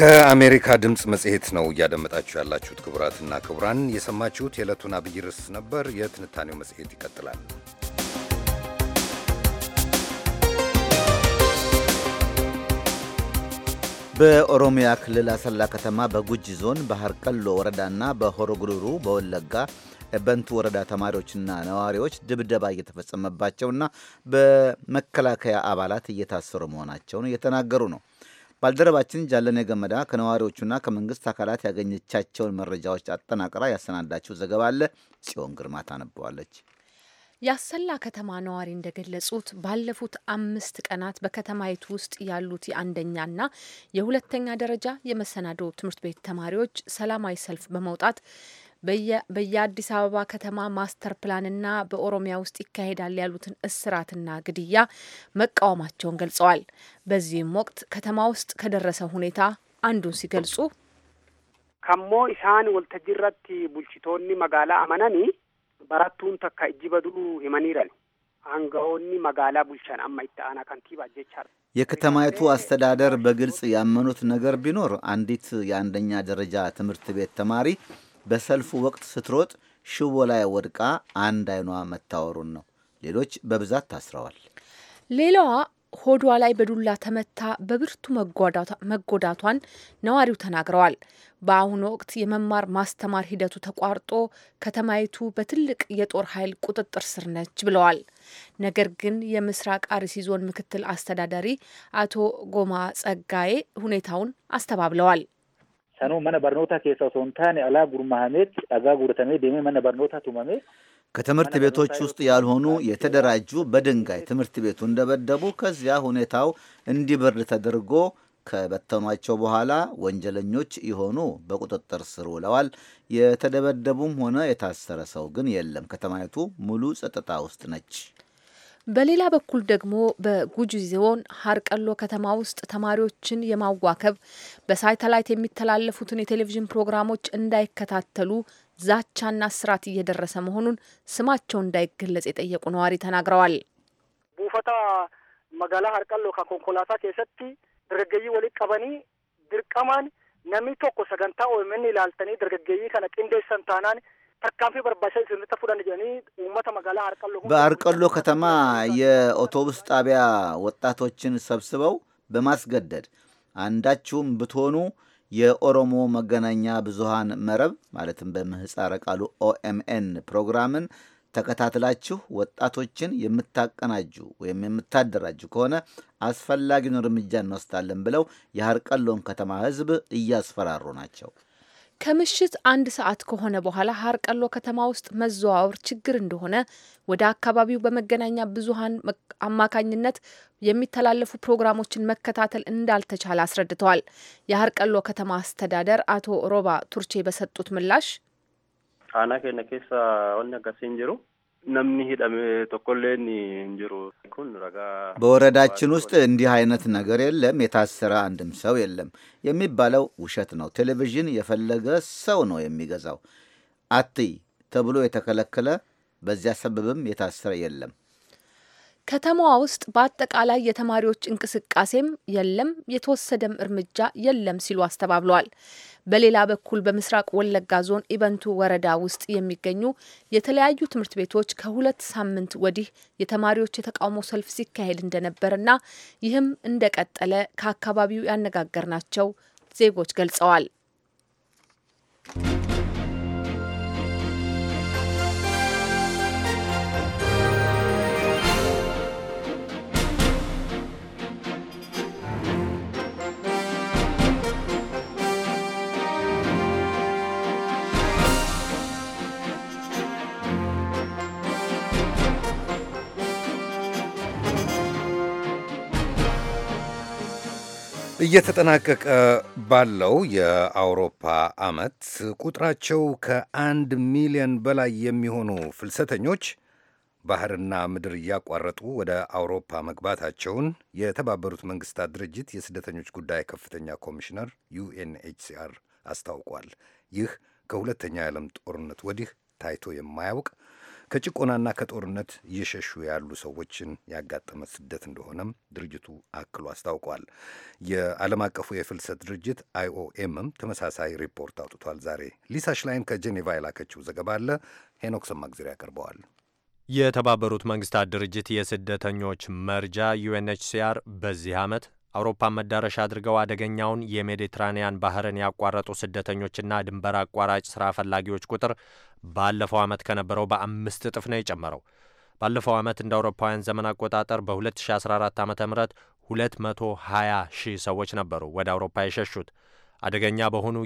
ከአሜሪካ ድምፅ መጽሔት ነው እያደመጣችሁ ያላችሁት። ክቡራትና ክቡራን የሰማችሁት የዕለቱን አብይ ርዕስ ነበር። የትንታኔው መጽሔት ይቀጥላል። በኦሮሚያ ክልል አሰላ ከተማ በጉጂ ዞን ባህር ቀሎ ወረዳና በሆሮ በወለጋ በንቱ ወረዳ ተማሪዎችና ነዋሪዎች ድብደባ እየተፈጸመባቸውና በመከላከያ አባላት እየታሰሩ መሆናቸውን እየተናገሩ ነው። ባልደረባችን ጃለኔ ገመዳ ከነዋሪዎቹና ከመንግስት አካላት ያገኘቻቸውን መረጃዎች አጠናቅራ ያሰናዳችው ዘገባ አለ። ጽዮን ግርማ ታነበዋለች። ያሰላ ከተማ ነዋሪ እንደገለጹት ባለፉት አምስት ቀናት በከተማይቱ ውስጥ ያሉት የአንደኛና የሁለተኛ ደረጃ የመሰናዶ ትምህርት ቤት ተማሪዎች ሰላማዊ ሰልፍ በመውጣት በየአዲስ አበባ ከተማ ማስተር ፕላንና በኦሮሚያ ውስጥ ይካሄዳል ያሉትን እስራትና ግድያ መቃወማቸውን ገልጸዋል። በዚህም ወቅት ከተማ ውስጥ ከደረሰ ሁኔታ አንዱን ሲገልጹ ከሞ ኢሳን ወልተጅረት ቡልችቶኒ መጋላ አመናኒ በረቱን ተካ እጅ በዱሉ ሂመኒረን አንገሆኒ መጋላ ቡልቻን አማ ይታአና ከንቲባ ጀቻር የከተማይቱ አስተዳደር በግልጽ ያመኑት ነገር ቢኖር አንዲት የአንደኛ ደረጃ ትምህርት ቤት ተማሪ በሰልፉ ወቅት ስትሮጥ ሽቦ ላይ ወድቃ አንድ አይኗ መታወሩን ነው። ሌሎች በብዛት ታስረዋል። ሌላዋ ሆዷ ላይ በዱላ ተመታ በብርቱ መጎዳቷን ነዋሪው ተናግረዋል። በአሁኑ ወቅት የመማር ማስተማር ሂደቱ ተቋርጦ ከተማይቱ በትልቅ የጦር ኃይል ቁጥጥር ስር ነች ብለዋል። ነገር ግን የምስራቅ አርሲ ዞን ምክትል አስተዳዳሪ አቶ ጎማ ጸጋዬ ሁኔታውን አስተባብለዋል። Sanuu mana barnootaa keessa osoo hin taane alaa gurmahameet dhagaa guuratamee deemee mana barnootaa tumame ከትምህርት ቤቶች ውስጥ ያልሆኑ የተደራጁ በድንጋይ ትምህርት ቤቱን ደበደቡ። ከዚያ ሁኔታው እንዲበርድ ተደርጎ ከበተኗቸው በኋላ ወንጀለኞች የሆኑ በቁጥጥር ስር ውለዋል። የተደበደቡም ሆነ የታሰረ ሰው ግን የለም። ከተማይቱ ሙሉ ጸጥታ ውስጥ ነች። በሌላ በኩል ደግሞ በጉጂ ዞን ሀርቀሎ ከተማ ውስጥ ተማሪዎችን የማዋከብ በሳተላይት የሚተላለፉትን የቴሌቪዥን ፕሮግራሞች እንዳይከታተሉ ዛቻና እስራት እየደረሰ መሆኑን ስማቸው እንዳይገለጽ የጠየቁ ነዋሪ ተናግረዋል። ቡፈታ መጋላ ሀርቀሎ ከኮንኮላታ ኬሰቲ ድርገይ ወሊ ቀበኒ ድርቀማን ነሚ ቶኮ ሰገንታ ወምን ይላልተኒ ድርገገይ ከነ ቅንዴሰን ታናን በአርቀሎ ከተማ የአውቶቡስ ጣቢያ ወጣቶችን ሰብስበው በማስገደድ አንዳችሁም ብትሆኑ የኦሮሞ መገናኛ ብዙሃን መረብ ማለትም በምህፃረ ቃሉ ኦኤምኤን ፕሮግራምን ተከታትላችሁ ወጣቶችን የምታቀናጁ ወይም የምታደራጁ ከሆነ አስፈላጊውን እርምጃ እንወስዳለን ብለው የአርቀሎን ከተማ ህዝብ እያስፈራሩ ናቸው። ከምሽት አንድ ሰዓት ከሆነ በኋላ ሀርቀሎ ከተማ ውስጥ መዘዋወር ችግር እንደሆነ ወደ አካባቢው በመገናኛ ብዙኃን አማካኝነት የሚተላለፉ ፕሮግራሞችን መከታተል እንዳልተቻለ አስረድተዋል። የሀርቀሎ ከተማ አስተዳደር አቶ ሮባ ቱርቼ በሰጡት ምላሽ አና ኬነ ኬሳ ወነ አካሲን namni hidhame tokkolleen እንጅሩ ረጋ በወረዳችን ውስጥ እንዲህ አይነት ነገር የለም፣ የታሰረ አንድም ሰው የለም የሚባለው ውሸት ነው። ቴሌቪዥን የፈለገ ሰው ነው የሚገዛው። አትይ ተብሎ የተከለከለ በዚያ ሰበብም የታሰረ የለም። ከተማዋ ውስጥ በአጠቃላይ የተማሪዎች እንቅስቃሴም የለም፣ የተወሰደም እርምጃ የለም ሲሉ አስተባብለዋል። በሌላ በኩል በምስራቅ ወለጋ ዞን ኢበንቱ ወረዳ ውስጥ የሚገኙ የተለያዩ ትምህርት ቤቶች ከሁለት ሳምንት ወዲህ የተማሪዎች የተቃውሞ ሰልፍ ሲካሄድ እንደነበርና ይህም እንደቀጠለ ከአካባቢው ያነጋገርናቸው ዜጎች ገልጸዋል። እየተጠናቀቀ ባለው የአውሮፓ ዓመት ቁጥራቸው ከአንድ ሚሊዮን በላይ የሚሆኑ ፍልሰተኞች ባህርና ምድር እያቋረጡ ወደ አውሮፓ መግባታቸውን የተባበሩት መንግስታት ድርጅት የስደተኞች ጉዳይ ከፍተኛ ኮሚሽነር ዩኤንኤችሲአር አስታውቋል። ይህ ከሁለተኛ የዓለም ጦርነት ወዲህ ታይቶ የማያውቅ ከጭቆናና ከጦርነት እየሸሹ ያሉ ሰዎችን ያጋጠመ ስደት እንደሆነም ድርጅቱ አክሎ አስታውቋል። የዓለም አቀፉ የፍልሰት ድርጅት አይኦኤምም ተመሳሳይ ሪፖርት አውጥቷል። ዛሬ ሊሳ ሽላይን ከጄኔቫ የላከችው ዘገባ አለ። ሄኖክ ሰማግዜር ያቀርበዋል። የተባበሩት መንግስታት ድርጅት የስደተኞች መርጃ ዩኤንኤችሲአር በዚህ ዓመት አውሮፓን መዳረሻ አድርገው አደገኛውን የሜዲትራኒያን ባህርን ያቋረጡ ስደተኞችና ድንበር አቋራጭ ሥራ ፈላጊዎች ቁጥር ባለፈው ዓመት ከነበረው በአምስት እጥፍ ነው የጨመረው። ባለፈው ዓመት እንደ አውሮፓውያን ዘመን አቆጣጠር በ2014 ዓ ም 220 ሺህ ሰዎች ነበሩ ወደ አውሮፓ የሸሹት። አደገኛ በሆኑ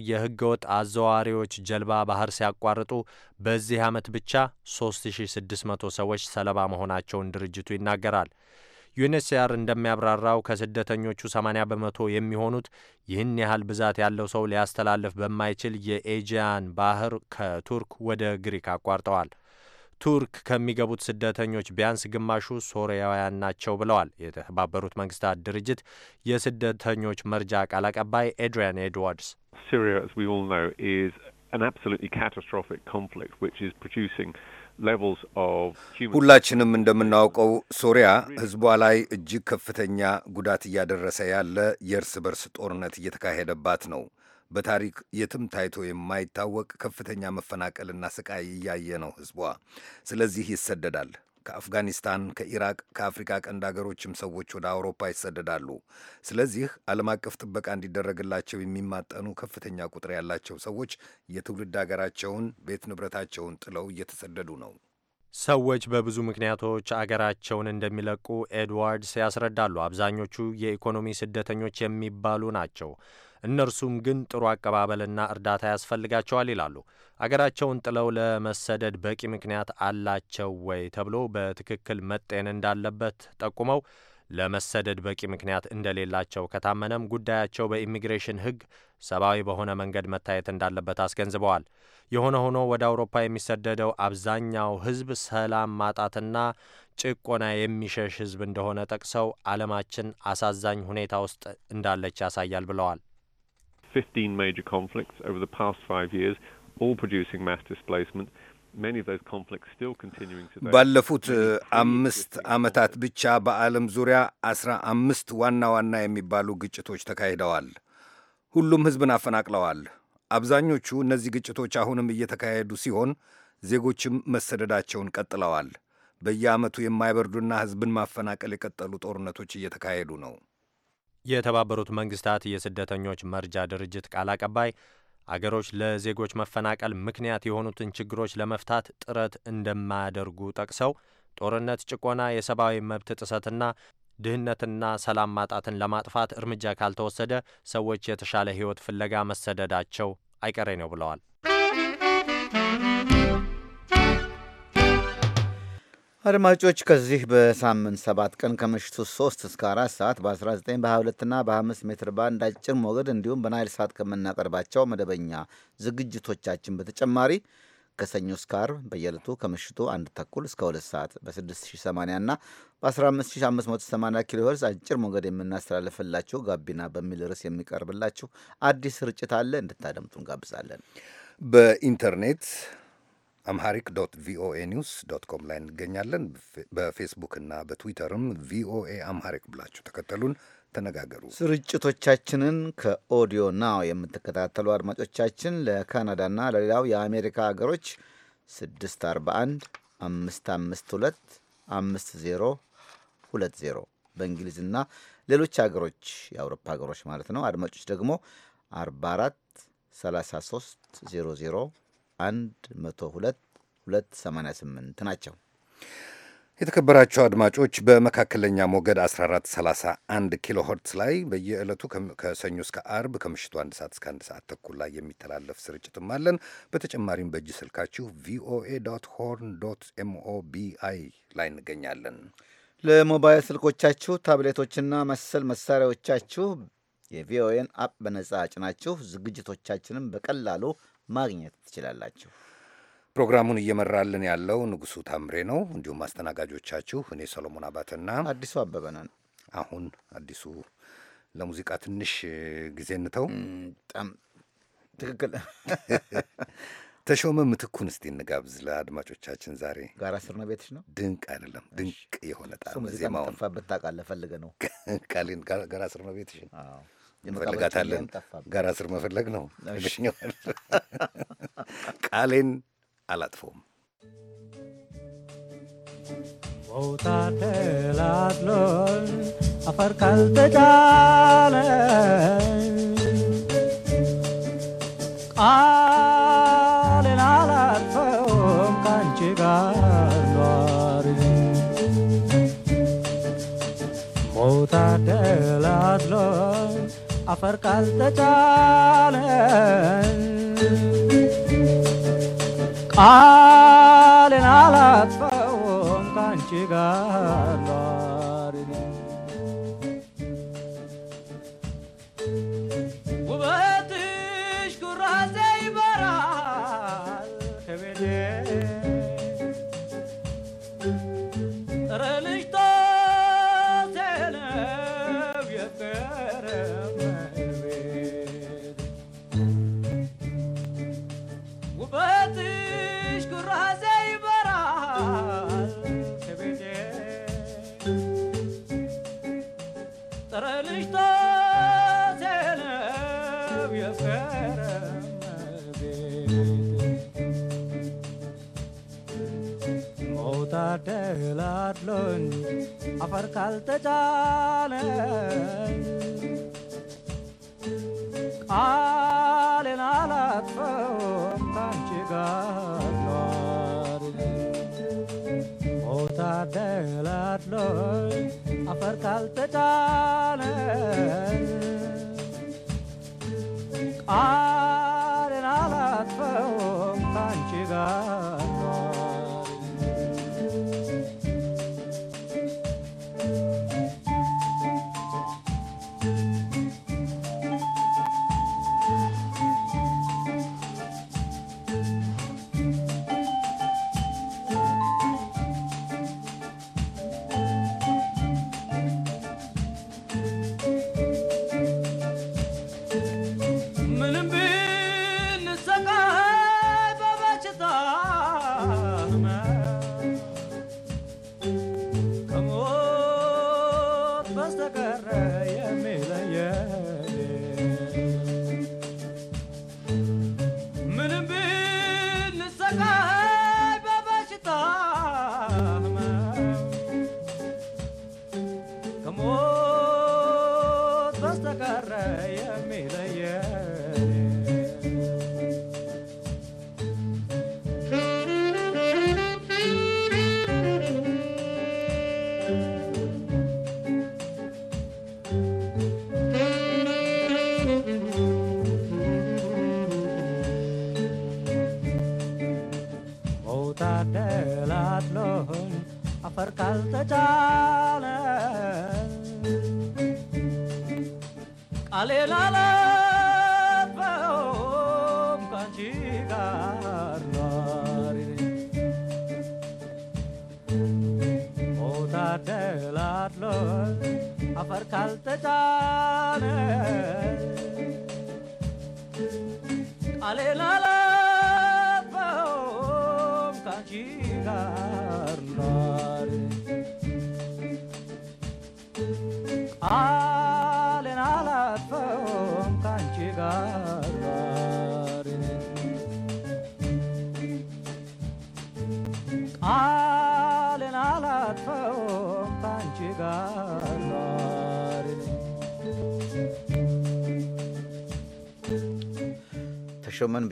ወጥ አዘዋዋሪዎች ጀልባ ባህር ሲያቋርጡ በዚህ ዓመት ብቻ 3600 ሰዎች ሰለባ መሆናቸውን ድርጅቱ ይናገራል። ዩኤንኤችሲአር እንደሚያብራራው ከስደተኞቹ 80 በመቶ የሚሆኑት ይህን ያህል ብዛት ያለው ሰው ሊያስተላልፍ በማይችል የኤጂያን ባህር ከቱርክ ወደ ግሪክ አቋርጠዋል። ቱርክ ከሚገቡት ስደተኞች ቢያንስ ግማሹ ሶሪያውያን ናቸው ብለዋል የተባበሩት መንግስታት ድርጅት የስደተኞች መርጃ ቃል አቀባይ ኤድሪያን ኤድዋርድስ። ሲሪያ as we all know, is an absolutely catastrophic conflict which is ሁላችንም እንደምናውቀው ሶሪያ ሕዝቧ ላይ እጅግ ከፍተኛ ጉዳት እያደረሰ ያለ የእርስ በርስ ጦርነት እየተካሄደባት ነው። በታሪክ የትም ታይቶ የማይታወቅ ከፍተኛ መፈናቀልና ስቃይ እያየ ነው ሕዝቧ። ስለዚህ ይሰደዳል። ከአፍጋኒስታን፣ ከኢራቅ፣ ከአፍሪካ ቀንድ አገሮችም ሰዎች ወደ አውሮፓ ይሰደዳሉ። ስለዚህ ዓለም አቀፍ ጥበቃ እንዲደረግላቸው የሚማጠኑ ከፍተኛ ቁጥር ያላቸው ሰዎች የትውልድ አገራቸውን፣ ቤት ንብረታቸውን ጥለው እየተሰደዱ ነው። ሰዎች በብዙ ምክንያቶች አገራቸውን እንደሚለቁ ኤድዋርድስ ያስረዳሉ። አብዛኞቹ የኢኮኖሚ ስደተኞች የሚባሉ ናቸው። እነርሱም ግን ጥሩ አቀባበልና እርዳታ ያስፈልጋቸዋል ይላሉ። አገራቸውን ጥለው ለመሰደድ በቂ ምክንያት አላቸው ወይ ተብሎ በትክክል መጤን እንዳለበት ጠቁመው ለመሰደድ በቂ ምክንያት እንደሌላቸው ከታመነም ጉዳያቸው በኢሚግሬሽን ሕግ ሰብአዊ በሆነ መንገድ መታየት እንዳለበት አስገንዝበዋል። የሆነ ሆኖ ወደ አውሮፓ የሚሰደደው አብዛኛው ሕዝብ ሰላም ማጣትና ጭቆና የሚሸሽ ሕዝብ እንደሆነ ጠቅሰው ዓለማችን አሳዛኝ ሁኔታ ውስጥ እንዳለች ያሳያል ብለዋል። 15 major conflicts over the past five years, all producing mass displacement. ባለፉት uh, አምስት ዓመታት ብቻ በዓለም ዙሪያ አስራ አምስት ዋና ዋና የሚባሉ ግጭቶች ተካሂደዋል። ሁሉም ሕዝብን አፈናቅለዋል። አብዛኞቹ እነዚህ ግጭቶች አሁንም እየተካሄዱ ሲሆን ዜጎችም መሰደዳቸውን ቀጥለዋል። በየዓመቱ የማይበርዱና ሕዝብን ማፈናቀል የቀጠሉ ጦርነቶች እየተካሄዱ ነው። የተባበሩት መንግስታት የስደተኞች መርጃ ድርጅት ቃል አቀባይ አገሮች ለዜጎች መፈናቀል ምክንያት የሆኑትን ችግሮች ለመፍታት ጥረት እንደማያደርጉ ጠቅሰው ጦርነት፣ ጭቆና፣ የሰብአዊ መብት ጥሰትና ድህነትና ሰላም ማጣትን ለማጥፋት እርምጃ ካልተወሰደ ሰዎች የተሻለ ሕይወት ፍለጋ መሰደዳቸው አይቀሬ ነው ብለዋል። አድማጮች ከዚህ በሳምንት ሰባት ቀን ከምሽቱ 3 እስከ 4 ሰዓት በ19 በ22ና በ25 ሜትር ባንድ አጭር ሞገድ እንዲሁም በናይል ሳት ከምናቀርባቸው መደበኛ ዝግጅቶቻችን በተጨማሪ ከሰኞ እስከ አርብ በየዕለቱ ከምሽቱ አንድ ተኩል እስከ 2 ሰዓት በ6080 እና በ15580 ኪሎ ሄርዝ አጭር ሞገድ የምናስተላልፍላችሁ ጋቢና በሚል ርዕስ የሚቀርብላችሁ አዲስ ስርጭት አለ። እንድታደምጡ እንጋብዛለን። በኢንተርኔት አምሃሪክ ዶት ቪኦኤ ኒውስ ዶት ኮም ላይ እንገኛለን። በፌስቡክና በትዊተርም ቪኦኤ አምሃሪክ ብላችሁ ተከተሉን፣ ተነጋገሩ። ስርጭቶቻችንን ከኦዲዮ ናው የምትከታተሉ አድማጮቻችን ለካናዳና ለሌላው የአሜሪካ ሀገሮች 641 552 5020 በእንግሊዝና ሌሎች ሀገሮች የአውሮፓ ሀገሮች ማለት ነው። አድማጮች ደግሞ 44 33 00 102288 ናቸው። የተከበራቸው አድማጮች በመካከለኛ ሞገድ 1431 ኪሎ ኸርትዝ ላይ በየዕለቱ ከሰኞ እስከ አርብ ከምሽቱ አንድ ሰዓት እስከ አንድ ሰዓት ተኩል ላይ የሚተላለፍ ስርጭትም አለን። በተጨማሪም በእጅ ስልካችሁ ቪኦኤ ዶት ሆርን ዶት ኤምኦቢአይ ላይ እንገኛለን። ለሞባይል ስልኮቻችሁ ታብሌቶችና መሰል መሳሪያዎቻችሁ የቪኦኤን አፕ በነጻ ጭናችሁ ዝግጅቶቻችንም በቀላሉ ማግኘት ትችላላችሁ። ፕሮግራሙን እየመራልን ያለው ንጉሱ ታምሬ ነው። እንዲሁም አስተናጋጆቻችሁ እኔ ሰሎሞን አባትና አዲሱ አበበ ነን። አሁን አዲሱ ለሙዚቃ ትንሽ ጊዜ እንተው። በጣም ትክክል። (laughs) ተሾመ ምትኩን እስቲ እንጋብዝ ለአድማጮቻችን ዛሬ። ጋራ ስር ነው ቤትሽ ነው። ድንቅ አይደለም? ድንቅ የሆነ ጣም ዜማውን ጠፋበት ታውቃለህ። ፈልገህ ነው። ቃሊን (laughs) ጋራ ስር ነው ቤትሽ ነው። እንፈልጋታለን። ጋራ ስር መፈለግ ነው። (laughs) ቃሌን አላጥፈውም። ቦታ ተላድሎ አፈር ካልተጫነ ቃሌን አላጥፈውም ከአንቺ ጋር ኗሪ ቦታ አፈር ካልተቻለ ቃልን አላጥፈውም ካንቺ ጋር አፈር ካልተጫነ ቃሌን አላጥፈውም ካንቺ ጋር ወታደላድሎይ አፈር ካልተጫነ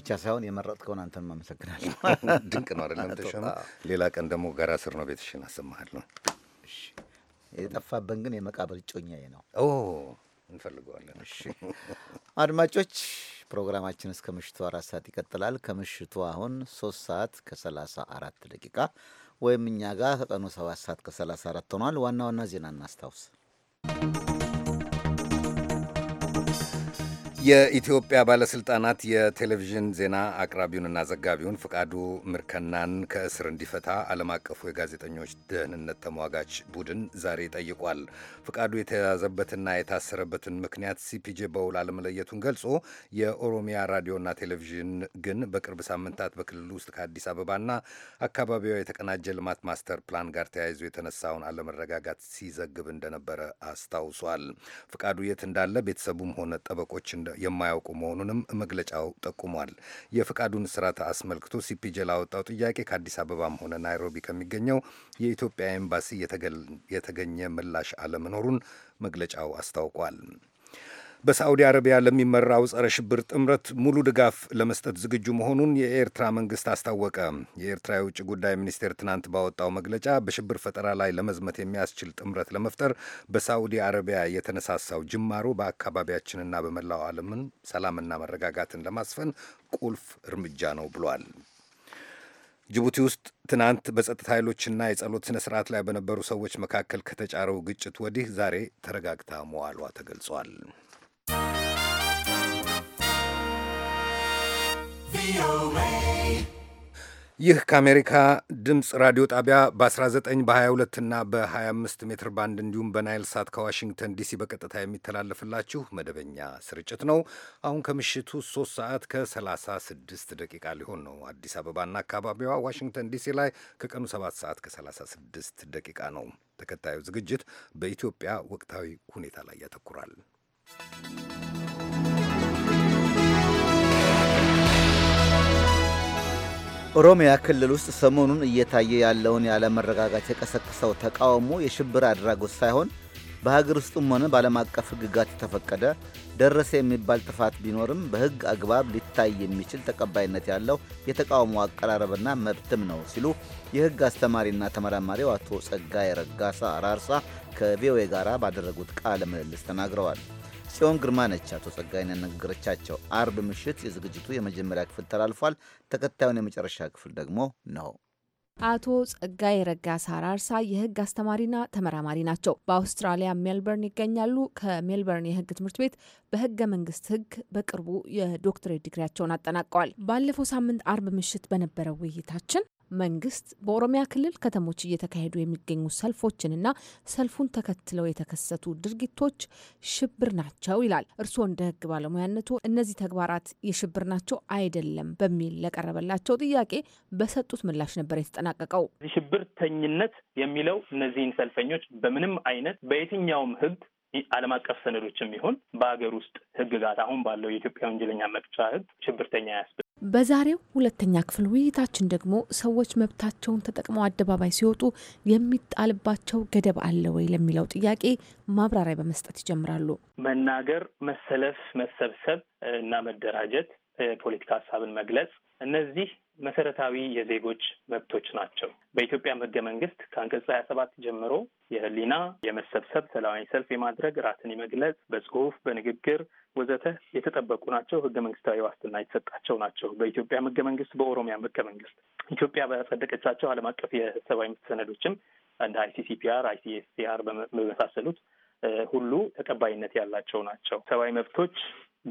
ብቻ ሳይሆን የመረጥከውን አንተን አመሰግናለሁ። (laughs) ድንቅ ነው አይደለም ተሾመ? ሌላ ቀን ደግሞ ጋራ ስር ነው ቤትሽን አሰማሃለሁ። የጠፋበን ግን የመቃብር እጮኛዬ ነው። ኦ እንፈልገዋለን። አድማጮች ፕሮግራማችን እስከ ምሽቱ አራት ሰዓት ይቀጥላል። ከምሽቱ አሁን ሶስት ሰዓት ከሰላሳ አራት ደቂቃ ወይም እኛ ጋር ከቀኑ ሰባት ሰዓት ከሰላሳ አራት ሆኗል። ዋና ዋና ዜና እናስታውስ። የኢትዮጵያ ባለስልጣናት የቴሌቪዥን ዜና አቅራቢውንና ዘጋቢውን ፍቃዱ ምርከናን ከእስር እንዲፈታ ዓለም አቀፉ የጋዜጠኞች ደህንነት ተሟጋች ቡድን ዛሬ ጠይቋል። ፍቃዱ የተያዘበትና የታሰረበትን ምክንያት ሲፒጄ በውል አለመለየቱን ገልጾ የኦሮሚያ ራዲዮና ቴሌቪዥን ግን በቅርብ ሳምንታት በክልሉ ውስጥ ከአዲስ አበባና አካባቢዋ የተቀናጀ ልማት ማስተር ፕላን ጋር ተያይዞ የተነሳውን አለመረጋጋት ሲዘግብ እንደነበረ አስታውሷል። ፍቃዱ የት እንዳለ ቤተሰቡም ሆነ ጠበቆች እንደ የማያውቁ መሆኑንም መግለጫው ጠቁሟል። የፈቃዱን ስርዓት አስመልክቶ ሲፒጄ ላወጣው ጥያቄ ከአዲስ አበባም ሆነ ናይሮቢ ከሚገኘው የኢትዮጵያ ኤምባሲ የተገኘ ምላሽ አለመኖሩን መግለጫው አስታውቋል። በሳዑዲ አረቢያ ለሚመራው ጸረ ሽብር ጥምረት ሙሉ ድጋፍ ለመስጠት ዝግጁ መሆኑን የኤርትራ መንግስት አስታወቀ። የኤርትራ የውጭ ጉዳይ ሚኒስቴር ትናንት ባወጣው መግለጫ በሽብር ፈጠራ ላይ ለመዝመት የሚያስችል ጥምረት ለመፍጠር በሳዑዲ አረቢያ የተነሳሳው ጅማሮ በአካባቢያችንና በመላው ዓለምን ሰላምና መረጋጋትን ለማስፈን ቁልፍ እርምጃ ነው ብሏል። ጅቡቲ ውስጥ ትናንት በጸጥታ ኃይሎችና የጸሎት ስነ ስርዓት ላይ በነበሩ ሰዎች መካከል ከተጫረው ግጭት ወዲህ ዛሬ ተረጋግታ መዋሏ ተገልጿል። ይህ ከአሜሪካ ድምፅ ራዲዮ ጣቢያ በ19 በ22 እና በ25 ሜትር ባንድ እንዲሁም በናይል ሳት ከዋሽንግተን ዲሲ በቀጥታ የሚተላለፍላችሁ መደበኛ ስርጭት ነው። አሁን ከምሽቱ 3 ሰዓት ከ36 ደቂቃ ሊሆን ነው አዲስ አበባና አካባቢዋ። ዋሽንግተን ዲሲ ላይ ከቀኑ 7 ሰዓት ከ36 ደቂቃ ነው። ተከታዩ ዝግጅት በኢትዮጵያ ወቅታዊ ሁኔታ ላይ ያተኩራል። ኦሮሚያ ክልል ውስጥ ሰሞኑን እየታየ ያለውን ያለመረጋጋት የቀሰቀሰው ተቃውሞ የሽብር አድራጎት ሳይሆን በሀገር ውስጥም ሆነ በዓለም አቀፍ ሕግጋት የተፈቀደ ደረሰ የሚባል ጥፋት ቢኖርም በሕግ አግባብ ሊታይ የሚችል ተቀባይነት ያለው የተቃውሞ አቀራረብና መብትም ነው ሲሉ የሕግ አስተማሪና ተመራማሪው አቶ ጸጋዬ ረጋሳ አራርሳ ከቪኦኤ ጋር ባደረጉት ቃለ ምልልስ ተናግረዋል። ጽዮን ግርማ ነች አቶ ጸጋይን ያነጋገረቻቸው። አርብ ምሽት የዝግጅቱ የመጀመሪያ ክፍል ተላልፏል። ተከታዩን የመጨረሻ ክፍል ደግሞ ነው። አቶ ጸጋይ ረጋሳ አርሳ የህግ አስተማሪና ተመራማሪ ናቸው። በአውስትራሊያ ሜልበርን ይገኛሉ። ከሜልበርን የህግ ትምህርት ቤት በህገ መንግስት ህግ በቅርቡ የዶክትሬት ዲግሪያቸውን አጠናቀዋል። ባለፈው ሳምንት አርብ ምሽት በነበረው ውይይታችን መንግስት በኦሮሚያ ክልል ከተሞች እየተካሄዱ የሚገኙ ሰልፎችንና ሰልፉን ተከትለው የተከሰቱ ድርጊቶች ሽብር ናቸው ይላል። እርስዎ እንደ ህግ ባለሙያነቱ እነዚህ ተግባራት የሽብር ናቸው አይደለም በሚል ለቀረበላቸው ጥያቄ በሰጡት ምላሽ ነበር የተጠናቀቀው። ሽብርተኝነት የሚለው እነዚህን ሰልፈኞች በምንም አይነት በየትኛውም ህግ ዓለም አቀፍ ሰነዶችም ይሁን በሀገር ውስጥ ህግጋት አሁን ባለው የኢትዮጵያ ወንጀለኛ መቅጫ ህግ ሽብርተኛ ያስብ በዛሬው ሁለተኛ ክፍል ውይይታችን ደግሞ ሰዎች መብታቸውን ተጠቅመው አደባባይ ሲወጡ የሚጣልባቸው ገደብ አለ ወይ ለሚለው ጥያቄ ማብራሪያ በመስጠት ይጀምራሉ። መናገር፣ መሰለፍ፣ መሰብሰብ እና መደራጀት፣ የፖለቲካ ሀሳብን መግለጽ እነዚህ መሰረታዊ የዜጎች መብቶች ናቸው። በኢትዮጵያ ሕገ መንግስት ከአንቀጽ ሀያ ሰባት ጀምሮ የህሊና የመሰብሰብ፣ ሰላማዊ ሰልፍ የማድረግ፣ ራስን የመግለጽ፣ በጽሁፍ በንግግር ወዘተ የተጠበቁ ናቸው። ሕገ መንግስታዊ ዋስትና የተሰጣቸው ናቸው። በኢትዮጵያ ሕገ መንግስት፣ በኦሮሚያ ሕገ መንግስት ኢትዮጵያ በጸደቀቻቸው ዓለም አቀፍ የሰብአዊ መብት ሰነዶችም እንደ አይሲሲፒአር፣ አይሲኤስሲአር በመሳሰሉት ሁሉ ተቀባይነት ያላቸው ናቸው። ሰብአዊ መብቶች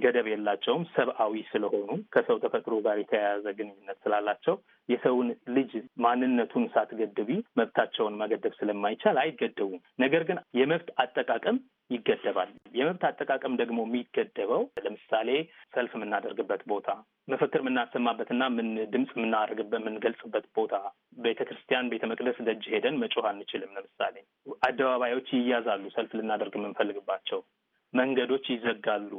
ገደብ የላቸውም። ሰብአዊ ስለሆኑ ከሰው ተፈጥሮ ጋር የተያያዘ ግንኙነት ስላላቸው የሰውን ልጅ ማንነቱን ሳትገድቢ መብታቸውን መገደብ ስለማይቻል አይገደቡም። ነገር ግን የመብት አጠቃቀም ይገደባል። የመብት አጠቃቀም ደግሞ የሚገደበው ለምሳሌ ሰልፍ የምናደርግበት ቦታ፣ መፈክር የምናሰማበትና ምን ድምፅ የምናደርግበት የምንገልጽበት ቦታ፣ ቤተ ክርስቲያን፣ ቤተ መቅደስ ደጅ ሄደን መጮህ አንችልም። ለምሳሌ አደባባዮች ይያዛሉ፣ ሰልፍ ልናደርግ የምንፈልግባቸው መንገዶች ይዘጋሉ።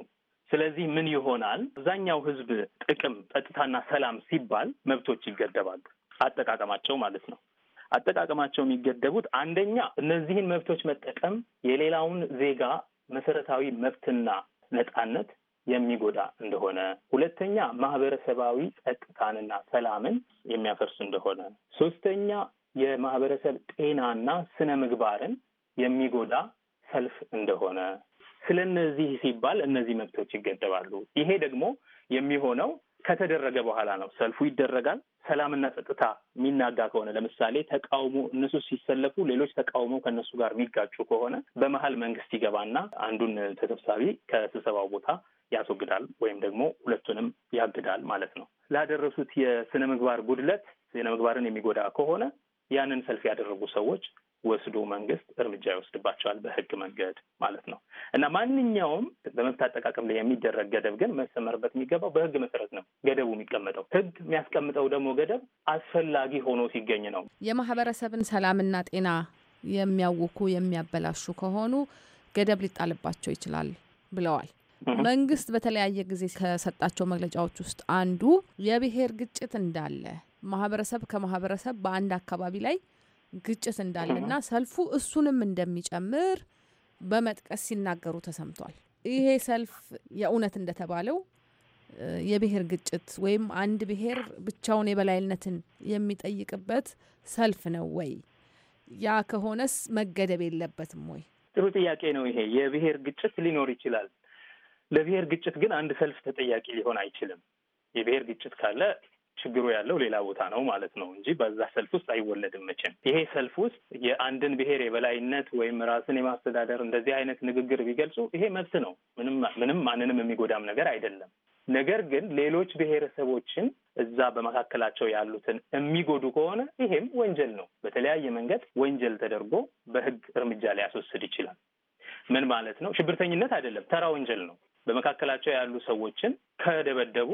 ስለዚህ ምን ይሆናል? አብዛኛው ህዝብ ጥቅም፣ ጸጥታና ሰላም ሲባል መብቶች ይገደባሉ። አጠቃቀማቸው ማለት ነው። አጠቃቀማቸው የሚገደቡት አንደኛ እነዚህን መብቶች መጠቀም የሌላውን ዜጋ መሰረታዊ መብትና ነጻነት የሚጎዳ እንደሆነ፣ ሁለተኛ ማህበረሰባዊ ጸጥታንና ሰላምን የሚያፈርስ እንደሆነ፣ ሶስተኛ የማህበረሰብ ጤናና ስነ ምግባርን የሚጎዳ ሰልፍ እንደሆነ ስለ እነዚህ ሲባል እነዚህ መብቶች ይገደባሉ። ይሄ ደግሞ የሚሆነው ከተደረገ በኋላ ነው። ሰልፉ ይደረጋል። ሰላምና ጸጥታ የሚናጋ ከሆነ ለምሳሌ ተቃውሞ እነሱ ሲሰለፉ ሌሎች ተቃውሞ ከእነሱ ጋር የሚጋጩ ከሆነ በመሀል መንግስት ይገባና አንዱን ተሰብሳቢ ከስብሰባው ቦታ ያስወግዳል ወይም ደግሞ ሁለቱንም ያግዳል ማለት ነው። ላደረሱት የስነ ምግባር ጉድለት ስነ ምግባርን የሚጎዳ ከሆነ ያንን ሰልፍ ያደረጉ ሰዎች ወስዶ መንግስት እርምጃ ይወስድባቸዋል በህግ መንገድ ማለት ነው እና ማንኛውም በመብት አጠቃቀም ላይ የሚደረግ ገደብ ግን መሰመርበት የሚገባው በህግ መሰረት ነው ገደቡ የሚቀመጠው። ህግ የሚያስቀምጠው ደግሞ ገደብ አስፈላጊ ሆኖ ሲገኝ ነው። የማህበረሰብን ሰላምና ጤና የሚያውኩ የሚያበላሹ ከሆኑ ገደብ ሊጣልባቸው ይችላል ብለዋል። መንግስት በተለያየ ጊዜ ከሰጣቸው መግለጫዎች ውስጥ አንዱ የብሔር ግጭት እንዳለ ማህበረሰብ ከማህበረሰብ በአንድ አካባቢ ላይ ግጭት እንዳለና ሰልፉ እሱንም እንደሚጨምር በመጥቀስ ሲናገሩ ተሰምቷል። ይሄ ሰልፍ የእውነት እንደተባለው የብሔር ግጭት ወይም አንድ ብሔር ብቻውን የበላይነትን የሚጠይቅበት ሰልፍ ነው ወይ? ያ ከሆነስ መገደብ የለበትም ወይ? ጥሩ ጥያቄ ነው። ይሄ የብሔር ግጭት ሊኖር ይችላል። ለብሔር ግጭት ግን አንድ ሰልፍ ተጠያቂ ሊሆን አይችልም። የብሔር ግጭት ካለ ችግሩ ያለው ሌላ ቦታ ነው ማለት ነው እንጂ በዛ ሰልፍ ውስጥ አይወለድም መቼም። ይሄ ሰልፍ ውስጥ የአንድን ብሔር የበላይነት ወይም ራስን የማስተዳደር እንደዚህ አይነት ንግግር ቢገልጹ ይሄ መብት ነው። ምንም ምንም ማንንም የሚጎዳም ነገር አይደለም። ነገር ግን ሌሎች ብሔረሰቦችን እዛ በመካከላቸው ያሉትን የሚጎዱ ከሆነ ይሄም ወንጀል ነው። በተለያየ መንገድ ወንጀል ተደርጎ በሕግ እርምጃ ሊያስወስድ ይችላል። ምን ማለት ነው? ሽብርተኝነት አይደለም፣ ተራ ወንጀል ነው። በመካከላቸው ያሉ ሰዎችን ከደበደቡ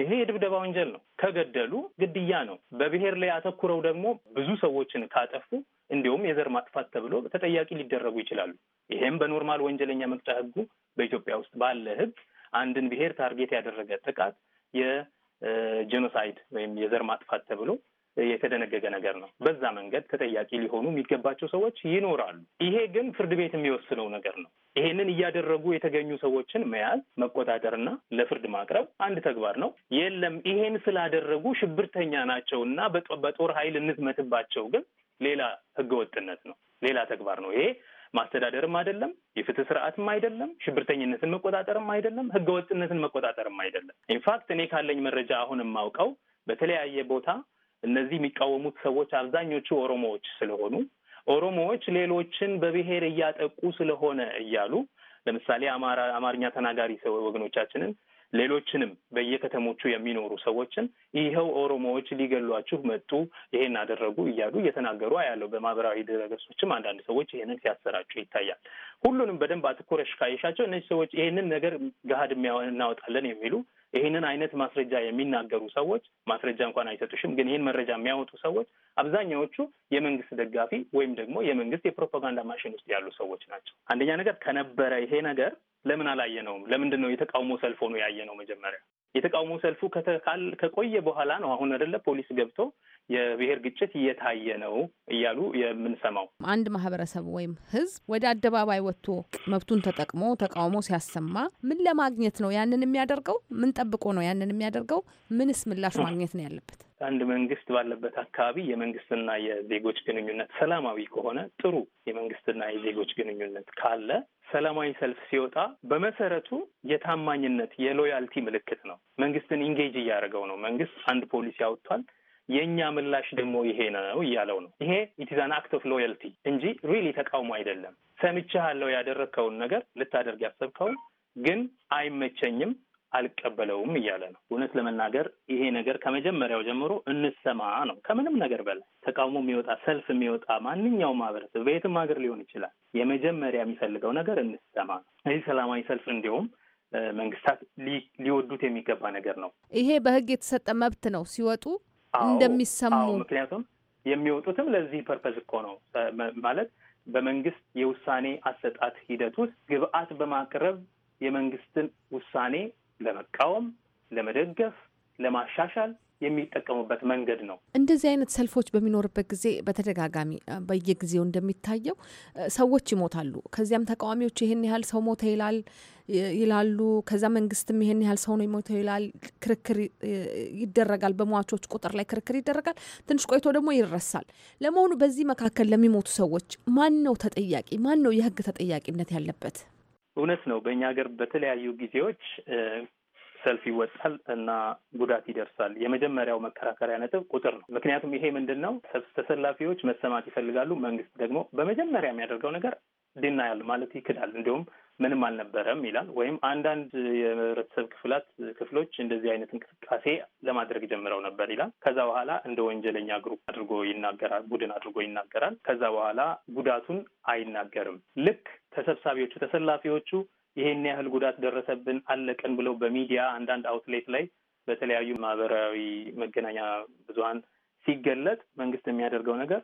ይሄ የድብደባ ወንጀል ነው። ከገደሉ ግድያ ነው። በብሔር ላይ አተኩረው ደግሞ ብዙ ሰዎችን ካጠፉ እንዲሁም የዘር ማጥፋት ተብሎ ተጠያቂ ሊደረጉ ይችላሉ። ይሄም በኖርማል ወንጀለኛ መቅጫ ሕጉ በኢትዮጵያ ውስጥ ባለ ሕግ አንድን ብሔር ታርጌት ያደረገ ጥቃት የጄኖሳይድ ወይም የዘር ማጥፋት ተብሎ የተደነገገ ነገር ነው። በዛ መንገድ ተጠያቂ ሊሆኑ የሚገባቸው ሰዎች ይኖራሉ። ይሄ ግን ፍርድ ቤት የሚወስነው ነገር ነው። ይሄንን እያደረጉ የተገኙ ሰዎችን መያዝ፣ መቆጣጠርና ለፍርድ ማቅረብ አንድ ተግባር ነው። የለም ይሄን ስላደረጉ ሽብርተኛ ናቸው እና በጦር ኃይል እንትመትባቸው ግን ሌላ ህገወጥነት ነው፣ ሌላ ተግባር ነው። ይሄ ማስተዳደርም አይደለም፣ የፍትህ ስርዓትም አይደለም፣ ሽብርተኝነትን መቆጣጠርም አይደለም፣ ህገወጥነትን መቆጣጠርም አይደለም። ኢንፋክት እኔ ካለኝ መረጃ አሁን የማውቀው በተለያየ ቦታ እነዚህ የሚቃወሙት ሰዎች አብዛኞቹ ኦሮሞዎች ስለሆኑ ኦሮሞዎች ሌሎችን በብሔር እያጠቁ ስለሆነ እያሉ ለምሳሌ አማራ አማርኛ ተናጋሪ ሰው ወገኖቻችንን ሌሎችንም በየከተሞቹ የሚኖሩ ሰዎችን ይኸው ኦሮሞዎች ሊገሏችሁ መጡ፣ ይሄን አደረጉ እያሉ እየተናገሩ አያለው። በማህበራዊ ድረገጾችም አንዳንድ ሰዎች ይሄንን ሲያሰራጩ ይታያል። ሁሉንም በደንብ አትኩረሽ ካየሻቸው እነዚህ ሰዎች ይሄንን ነገር ገሀድ እናወጣለን የሚሉ ይህንን አይነት ማስረጃ የሚናገሩ ሰዎች ማስረጃ እንኳን አይሰጡሽም፣ ግን ይህን መረጃ የሚያወጡ ሰዎች አብዛኛዎቹ የመንግስት ደጋፊ ወይም ደግሞ የመንግስት የፕሮፓጋንዳ ማሽን ውስጥ ያሉ ሰዎች ናቸው። አንደኛ ነገር ከነበረ ይሄ ነገር ለምን አላየነውም? ለምንድን ነው የተቃውሞ ሰልፎ ነው ያየነው? መጀመሪያ የተቃውሞ ሰልፉ ከቆየ በኋላ ነው አሁን አይደለ ፖሊስ ገብቶ የብሔር ግጭት እየታየ ነው እያሉ የምንሰማው አንድ ማህበረሰብ ወይም ህዝብ ወደ አደባባይ ወጥቶ መብቱን ተጠቅሞ ተቃውሞ ሲያሰማ ምን ለማግኘት ነው ያንን የሚያደርገው? ምን ጠብቆ ነው ያንን የሚያደርገው? ምንስ ምላሽ ማግኘት ነው ያለበት? አንድ መንግስት ባለበት አካባቢ የመንግስትና የዜጎች ግንኙነት ሰላማዊ ከሆነ ጥሩ የመንግስትና የዜጎች ግንኙነት ካለ ሰላማዊ ሰልፍ ሲወጣ በመሰረቱ የታማኝነት የሎያልቲ ምልክት ነው። መንግስትን ኢንጌጅ እያደረገው ነው። መንግስት አንድ ፖሊሲ አውጥቷል። የእኛ ምላሽ ደግሞ ይሄ ነው እያለው ነው። ይሄ ኢትዛን አክት ኦፍ ሎያልቲ እንጂ ሪሊ ተቃውሞ አይደለም። ሰምቼሃለሁ፣ ያደረግከውን ነገር ልታደርግ ያሰብከውን ግን አይመቸኝም አልቀበለውም እያለ ነው። እውነት ለመናገር ይሄ ነገር ከመጀመሪያው ጀምሮ እንሰማ ነው። ከምንም ነገር በላይ ተቃውሞ የሚወጣ ሰልፍ የሚወጣ ማንኛውም ማህበረሰብ በየትም ሀገር ሊሆን ይችላል። የመጀመሪያ የሚፈልገው ነገር እንሰማ ነው። እዚህ ሰላማዊ ሰልፍ እንዲሁም መንግስታት ሊወዱት የሚገባ ነገር ነው። ይሄ በህግ የተሰጠ መብት ነው። ሲወጡ እንደሚሰሙ ምክንያቱም የሚወጡትም ለዚህ ፐርፐዝ እኮ ነው ማለት በመንግስት የውሳኔ አሰጣት ሂደት ውስጥ ግብአት በማቅረብ የመንግስትን ውሳኔ ለመቃወም፣ ለመደገፍ፣ ለማሻሻል የሚጠቀሙበት መንገድ ነው። እንደዚህ አይነት ሰልፎች በሚኖርበት ጊዜ በተደጋጋሚ በየጊዜው እንደሚታየው ሰዎች ይሞታሉ። ከዚያም ተቃዋሚዎች ይህን ያህል ሰው ሞተ ይላል ይላሉ። ከዛ መንግስትም ይህን ያህል ሰው ነው ሞተ ይላል። ክርክር ይደረጋል። በሟቾች ቁጥር ላይ ክርክር ይደረጋል። ትንሽ ቆይቶ ደግሞ ይረሳል። ለመሆኑ በዚህ መካከል ለሚሞቱ ሰዎች ማን ነው ተጠያቂ? ማን ነው የህግ ተጠያቂነት ያለበት? እውነት ነው። በእኛ ሀገር በተለያዩ ጊዜዎች ሰልፍ ይወጣል እና ጉዳት ይደርሳል። የመጀመሪያው መከራከሪያ ነጥብ ቁጥር ነው። ምክንያቱም ይሄ ምንድን ነው ተሰላፊዎች መሰማት ይፈልጋሉ። መንግስት ደግሞ በመጀመሪያ የሚያደርገው ነገር ድናያል ማለት ይክዳል። እንዲሁም ምንም አልነበረም ይላል። ወይም አንዳንድ የህብረተሰብ ክፍላት ክፍሎች እንደዚህ አይነት እንቅስቃሴ ለማድረግ ጀምረው ነበር ይላል። ከዛ በኋላ እንደ ወንጀለኛ ግሩፕ አድርጎ ይናገራል፣ ቡድን አድርጎ ይናገራል። ከዛ በኋላ ጉዳቱን አይናገርም። ልክ ተሰብሳቢዎቹ ተሰላፊዎቹ ይሄን ያህል ጉዳት ደረሰብን አለቀን ብለው በሚዲያ አንዳንድ አውትሌት ላይ በተለያዩ ማህበራዊ መገናኛ ብዙሀን ሲገለጥ መንግስት የሚያደርገው ነገር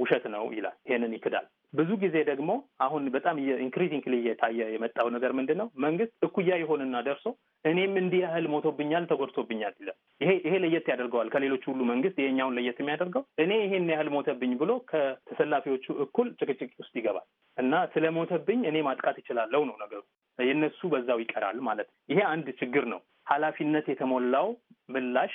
ውሸት ነው ይላል። ይሄንን ይክዳል። ብዙ ጊዜ ደግሞ አሁን በጣም ኢንክሪዚንግሊ እየታየ የመጣው ነገር ምንድን ነው? መንግስት እኩያ ይሆንና ደርሶ እኔም እንዲህ ያህል ሞቶብኛል፣ ተጎድቶብኛል ይላል። ይሄ ይሄ ለየት ያደርገዋል ከሌሎቹ ሁሉ መንግስት ይሄኛውን ለየት የሚያደርገው እኔ ይሄን ያህል ሞተብኝ ብሎ ከተሰላፊዎቹ እኩል ጭቅጭቅ ውስጥ ይገባል እና ስለሞተብኝ እኔ ማጥቃት ይችላለው ነው ነገሩ። የእነሱ በዛው ይቀራል ማለት ነው። ይሄ አንድ ችግር ነው። ኃላፊነት የተሞላው ምላሽ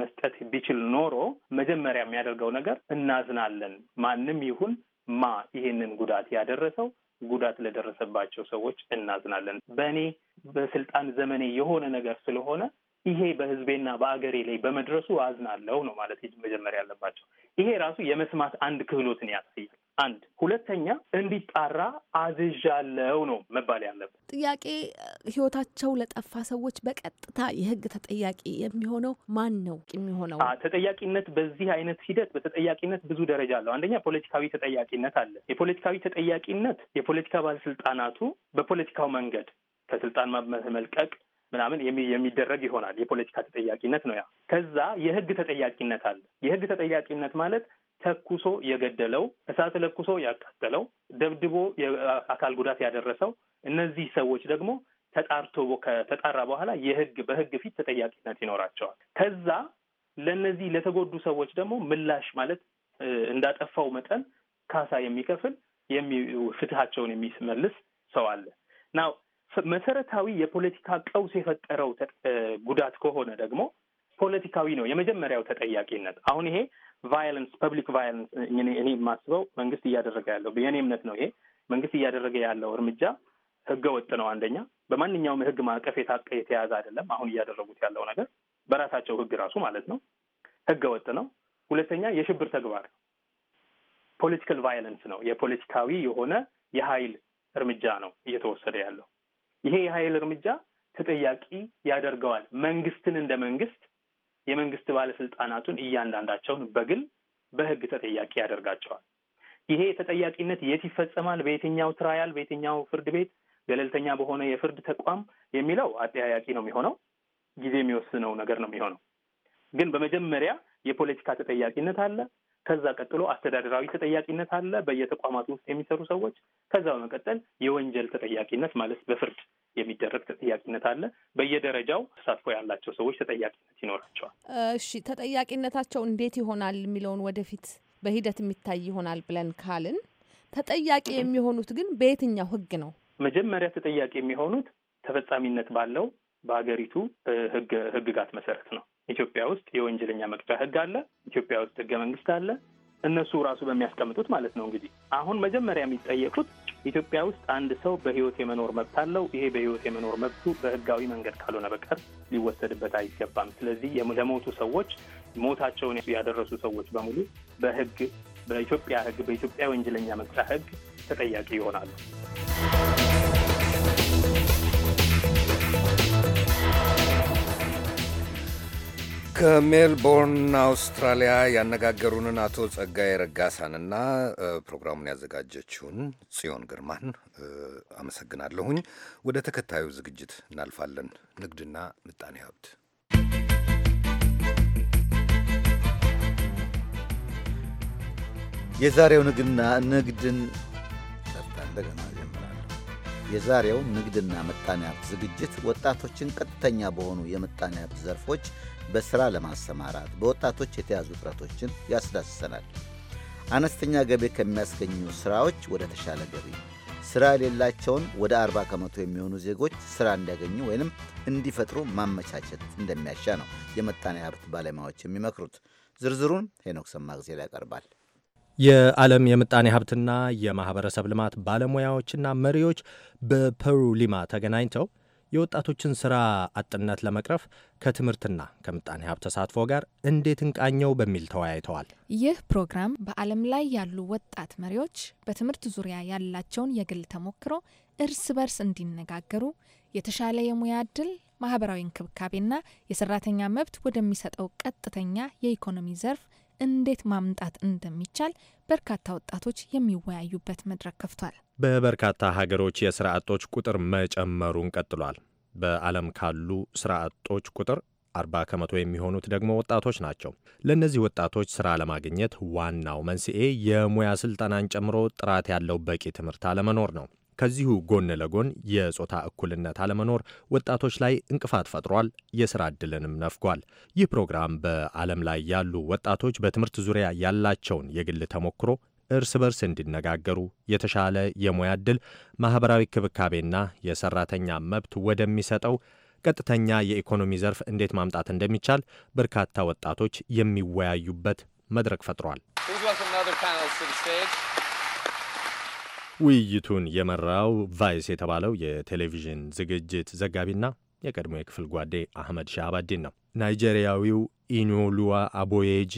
መስጠት ቢችል ኖሮ መጀመሪያ የሚያደርገው ነገር እናዝናለን፣ ማንም ይሁን ማ ይሄንን ጉዳት ያደረሰው ጉዳት ለደረሰባቸው ሰዎች እናዝናለን። በእኔ በስልጣን ዘመኔ የሆነ ነገር ስለሆነ ይሄ በህዝቤና በአገሬ ላይ በመድረሱ አዝናለሁ ነው ማለት መጀመሪያ ያለባቸው። ይሄ ራሱ የመስማት አንድ ክህሎትን ያሳያል። አንድ ሁለተኛ እንዲጣራ አዝዣለው ነው መባል ያለበት ጥያቄ። ህይወታቸው ለጠፋ ሰዎች በቀጥታ የህግ ተጠያቂ የሚሆነው ማን ነው የሚሆነው? ተጠያቂነት በዚህ አይነት ሂደት በተጠያቂነት ብዙ ደረጃ አለው። አንደኛ ፖለቲካዊ ተጠያቂነት አለ። የፖለቲካዊ ተጠያቂነት የፖለቲካ ባለስልጣናቱ በፖለቲካው መንገድ ከስልጣን መመልቀቅ ምናምን የሚደረግ ይሆናል። የፖለቲካ ተጠያቂነት ነው ያ። ከዛ የህግ ተጠያቂነት አለ። የህግ ተጠያቂነት ማለት ተኩሶ የገደለው፣ እሳት ለኩሶ ያቃጠለው፣ ደብድቦ የአካል ጉዳት ያደረሰው እነዚህ ሰዎች ደግሞ ተጣርቶ ከተጣራ በኋላ የህግ በህግ ፊት ተጠያቂነት ይኖራቸዋል። ከዛ ለእነዚህ ለተጎዱ ሰዎች ደግሞ ምላሽ ማለት እንዳጠፋው መጠን ካሳ የሚከፍል ፍትሃቸውን የሚመልስ ሰው አለ ናው መሰረታዊ የፖለቲካ ቀውስ የፈጠረው ጉዳት ከሆነ ደግሞ ፖለቲካዊ ነው የመጀመሪያው ተጠያቂነት። አሁን ይሄ ቫይለንስ ፐብሊክ ቫይለንስ እኔ የማስበው መንግስት እያደረገ ያለው የእኔ እምነት ነው። ይሄ መንግስት እያደረገ ያለው እርምጃ ህገ ወጥ ነው። አንደኛ በማንኛውም ህግ ማዕቀፍ የታቀ የተያዘ አይደለም። አሁን እያደረጉት ያለው ነገር በራሳቸው ህግ ራሱ ማለት ነው ህገ ወጥ ነው። ሁለተኛ የሽብር ተግባር ፖለቲካል ቫይለንስ ነው። የፖለቲካዊ የሆነ የሀይል እርምጃ ነው እየተወሰደ ያለው። ይሄ የሀይል እርምጃ ተጠያቂ ያደርገዋል መንግስትን እንደ መንግስት የመንግስት ባለስልጣናቱን እያንዳንዳቸውን በግል በህግ ተጠያቂ ያደርጋቸዋል። ይሄ ተጠያቂነት የት ይፈጸማል? በየትኛው ትራያል? በየትኛው ፍርድ ቤት? ገለልተኛ በሆነ የፍርድ ተቋም የሚለው አጠያያቂ ነው የሚሆነው። ጊዜ የሚወስነው ነገር ነው የሚሆነው። ግን በመጀመሪያ የፖለቲካ ተጠያቂነት አለ። ከዛ ቀጥሎ አስተዳደራዊ ተጠያቂነት አለ በየተቋማቱ ውስጥ የሚሰሩ ሰዎች። ከዛ በመቀጠል የወንጀል ተጠያቂነት ማለት በፍርድ የሚደረግ ተጠያቂነት አለ። በየደረጃው ተሳትፎ ያላቸው ሰዎች ተጠያቂነት ይኖራቸዋል። እሺ፣ ተጠያቂነታቸው እንዴት ይሆናል የሚለውን ወደፊት በሂደት የሚታይ ይሆናል ብለን ካልን ተጠያቂ የሚሆኑት ግን በየትኛው ህግ ነው? መጀመሪያ ተጠያቂ የሚሆኑት ተፈጻሚነት ባለው በሀገሪቱ ህግጋት መሰረት ነው። ኢትዮጵያ ውስጥ የወንጀለኛ መቅጫ ህግ አለ። ኢትዮጵያ ውስጥ ህገ መንግስት አለ። እነሱ ራሱ በሚያስቀምጡት ማለት ነው። እንግዲህ አሁን መጀመሪያ የሚጠየቁት ኢትዮጵያ ውስጥ አንድ ሰው በህይወት የመኖር መብት አለው። ይሄ በህይወት የመኖር መብቱ በህጋዊ መንገድ ካልሆነ በቀር ሊወሰድበት አይገባም። ስለዚህ ለሞቱ ሰዎች ሞታቸውን ያደረሱ ሰዎች በሙሉ በህግ በኢትዮጵያ ህግ በኢትዮጵያ ወንጀለኛ መቅጫ ህግ ተጠያቂ ይሆናሉ። ከሜልቦርን አውስትራሊያ ያነጋገሩንን አቶ ጸጋዬ ረጋሳንና ፕሮግራሙን ያዘጋጀችውን ጽዮን ግርማን አመሰግናለሁኝ። ወደ ተከታዩ ዝግጅት እናልፋለን። ንግድና ምጣኔ ሀብት የዛሬው ንግድና ንግድን እንደገና የዛሬው ንግድና ምጣኔ ሀብት ዝግጅት ወጣቶችን ቀጥተኛ በሆኑ የምጣኔ ሀብት ዘርፎች በሥራ ለማሰማራት በወጣቶች የተያዙ ጥረቶችን ያስዳስሰናል። አነስተኛ ገቢ ከሚያስገኙ ሥራዎች ወደ ተሻለ ገቢ፣ ሥራ የሌላቸውን ወደ 40 ከመቶ የሚሆኑ ዜጎች ሥራ እንዲያገኙ ወይንም እንዲፈጥሩ ማመቻቸት እንደሚያሻ ነው የመጣኔ ሀብት ባለሙያዎች የሚመክሩት። ዝርዝሩን ሄኖክ ሰማግዜላ ያቀርባል። የዓለም የምጣኔ ሀብትና የማህበረሰብ ልማት ባለሙያዎችና መሪዎች በፐሩ ሊማ ተገናኝተው የወጣቶችን ሥራ አጥነት ለመቅረፍ ከትምህርትና ከምጣኔ ሀብት ተሳትፎ ጋር እንዴት እንቃኘው በሚል ተወያይተዋል። ይህ ፕሮግራም በዓለም ላይ ያሉ ወጣት መሪዎች በትምህርት ዙሪያ ያላቸውን የግል ተሞክሮ እርስ በርስ እንዲነጋገሩ የተሻለ የሙያ እድል፣ ማህበራዊ እንክብካቤና የሰራተኛ መብት ወደሚሰጠው ቀጥተኛ የኢኮኖሚ ዘርፍ እንዴት ማምጣት እንደሚቻል በርካታ ወጣቶች የሚወያዩበት መድረክ ከፍቷል። በበርካታ ሀገሮች የስራ አጦች ቁጥር መጨመሩን ቀጥሏል። በዓለም ካሉ ስራ አጦች ቁጥር 40 ከመቶ የሚሆኑት ደግሞ ወጣቶች ናቸው። ለእነዚህ ወጣቶች ስራ ለማግኘት ዋናው መንስኤ የሙያ ስልጠናን ጨምሮ ጥራት ያለው በቂ ትምህርት አለመኖር ነው። ከዚሁ ጎን ለጎን የጾታ እኩልነት አለመኖር ወጣቶች ላይ እንቅፋት ፈጥሯል፣ የሥራ ዕድልንም ነፍጓል። ይህ ፕሮግራም በዓለም ላይ ያሉ ወጣቶች በትምህርት ዙሪያ ያላቸውን የግል ተሞክሮ እርስ በርስ እንዲነጋገሩ፣ የተሻለ የሙያ ዕድል፣ ማኅበራዊ ክብካቤና የሠራተኛ መብት ወደሚሰጠው ቀጥተኛ የኢኮኖሚ ዘርፍ እንዴት ማምጣት እንደሚቻል በርካታ ወጣቶች የሚወያዩበት መድረክ ፈጥሯል። ውይይቱን የመራው ቫይስ የተባለው የቴሌቪዥን ዝግጅት ዘጋቢና የቀድሞ የክፍል ጓዴ አህመድ ሻህባዲን ነው። ናይጄሪያዊው ኢኖሉዋ አቦዬጂ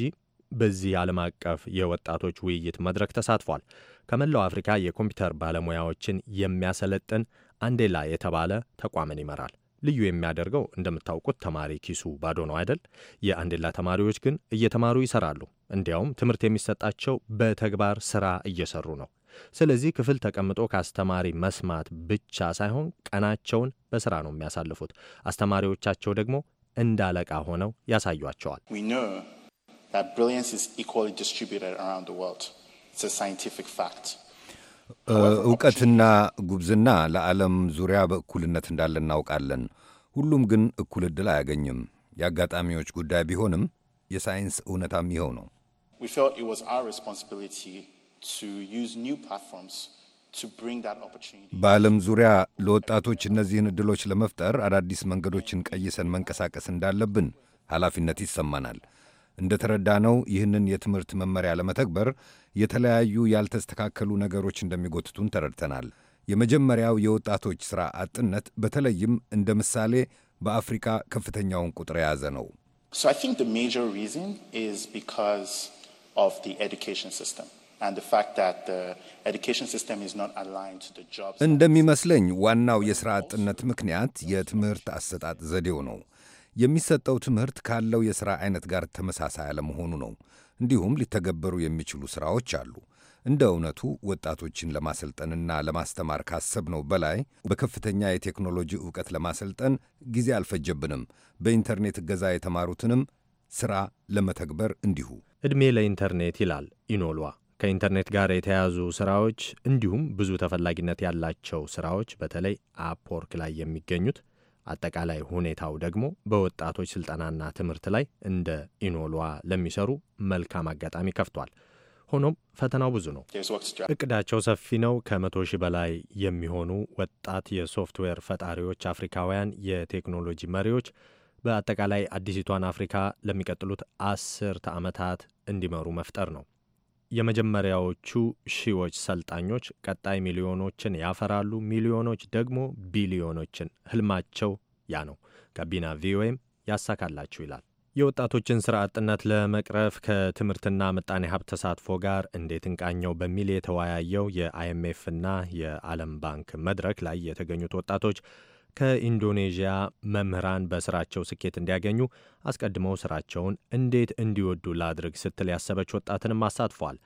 በዚህ ዓለም አቀፍ የወጣቶች ውይይት መድረክ ተሳትፏል። ከመላው አፍሪካ የኮምፒውተር ባለሙያዎችን የሚያሰለጥን አንዴላ የተባለ ተቋምን ይመራል። ልዩ የሚያደርገው እንደምታውቁት ተማሪ ኪሱ ባዶ ነው አይደል? የአንዴላ ተማሪዎች ግን እየተማሩ ይሰራሉ። እንዲያውም ትምህርት የሚሰጣቸው በተግባር ስራ እየሰሩ ነው። ስለዚህ ክፍል ተቀምጦ ከአስተማሪ መስማት ብቻ ሳይሆን ቀናቸውን በሥራ ነው የሚያሳልፉት። አስተማሪዎቻቸው ደግሞ እንዳለቃ ሆነው ያሳዩቸዋል። uh, እውቀትና ጉብዝና ለዓለም ዙሪያ በእኩልነት እንዳለ እናውቃለን። ሁሉም ግን እኩል ዕድል አያገኝም። የአጋጣሚዎች ጉዳይ ቢሆንም የሳይንስ እውነታም ይኸው ነው። በዓለም ዙሪያ ለወጣቶች እነዚህን ዕድሎች ለመፍጠር አዳዲስ መንገዶችን ቀይሰን መንቀሳቀስ እንዳለብን ኃላፊነት ይሰማናል። ነው ይህንን የትምህርት መመሪያ ለመተግበር የተለያዩ ያልተስተካከሉ ነገሮች እንደሚጎትቱን ተረድተናል። የመጀመሪያው የወጣቶች ሥራ አጥነት በተለይም እንደ ምሳሌ በአፍሪካ ከፍተኛውን ቁጥር የያዘ ነው። ሶ አይ ቲንክ ዘ ሜጀር ሪዝን ኢዝ ቢካዝ ኦፍ ዘ ኤዱኬሽን ሲስተም እንደሚመስለኝ ዋናው የሥራ አጥነት ምክንያት የትምህርት አሰጣጥ ዘዴው ነው። የሚሰጠው ትምህርት ካለው የሥራ አይነት ጋር ተመሳሳይ አለመሆኑ ነው። እንዲሁም ሊተገበሩ የሚችሉ ሥራዎች አሉ። እንደ እውነቱ ወጣቶችን ለማሰልጠንና ለማስተማር ካሰብነው በላይ በከፍተኛ የቴክኖሎጂ ዕውቀት ለማሰልጠን ጊዜ አልፈጀብንም። በኢንተርኔት እገዛ የተማሩትንም ሥራ ለመተግበር እንዲሁ። ዕድሜ ለኢንተርኔት ይላል ኢኖሏ። ከኢንተርኔት ጋር የተያያዙ ስራዎች እንዲሁም ብዙ ተፈላጊነት ያላቸው ስራዎች በተለይ አፕወርክ ላይ የሚገኙት አጠቃላይ ሁኔታው ደግሞ በወጣቶች ስልጠናና ትምህርት ላይ እንደ ኢኖሏ ለሚሰሩ መልካም አጋጣሚ ከፍቷል። ሆኖም ፈተናው ብዙ ነው። እቅዳቸው ሰፊ ነው። ከመቶ ሺህ በላይ የሚሆኑ ወጣት የሶፍትዌር ፈጣሪዎች፣ አፍሪካውያን የቴክኖሎጂ መሪዎች በአጠቃላይ አዲሲቷን አፍሪካ ለሚቀጥሉት አስርተ ዓመታት እንዲመሩ መፍጠር ነው። የመጀመሪያዎቹ ሺዎች ሰልጣኞች ቀጣይ ሚሊዮኖችን ያፈራሉ። ሚሊዮኖች ደግሞ ቢሊዮኖችን። ህልማቸው ያ ነው። ጋቢና ቪኦኤም ያሳካላችሁ ይላል። የወጣቶችን ሥራ አጥነት ለመቅረፍ ከትምህርትና ምጣኔ ሀብት ተሳትፎ ጋር እንዴት እንቃኘው በሚል የተወያየው የአይኤምኤፍና የዓለም ባንክ መድረክ ላይ የተገኙት ወጣቶች ከኢንዶኔዥያ መምህራን በስራቸው ስኬት እንዲያገኙ አስቀድመው ስራቸውን እንዴት እንዲወዱ ላድርግ ስትል ያሰበች ወጣትንም አሳትፏል።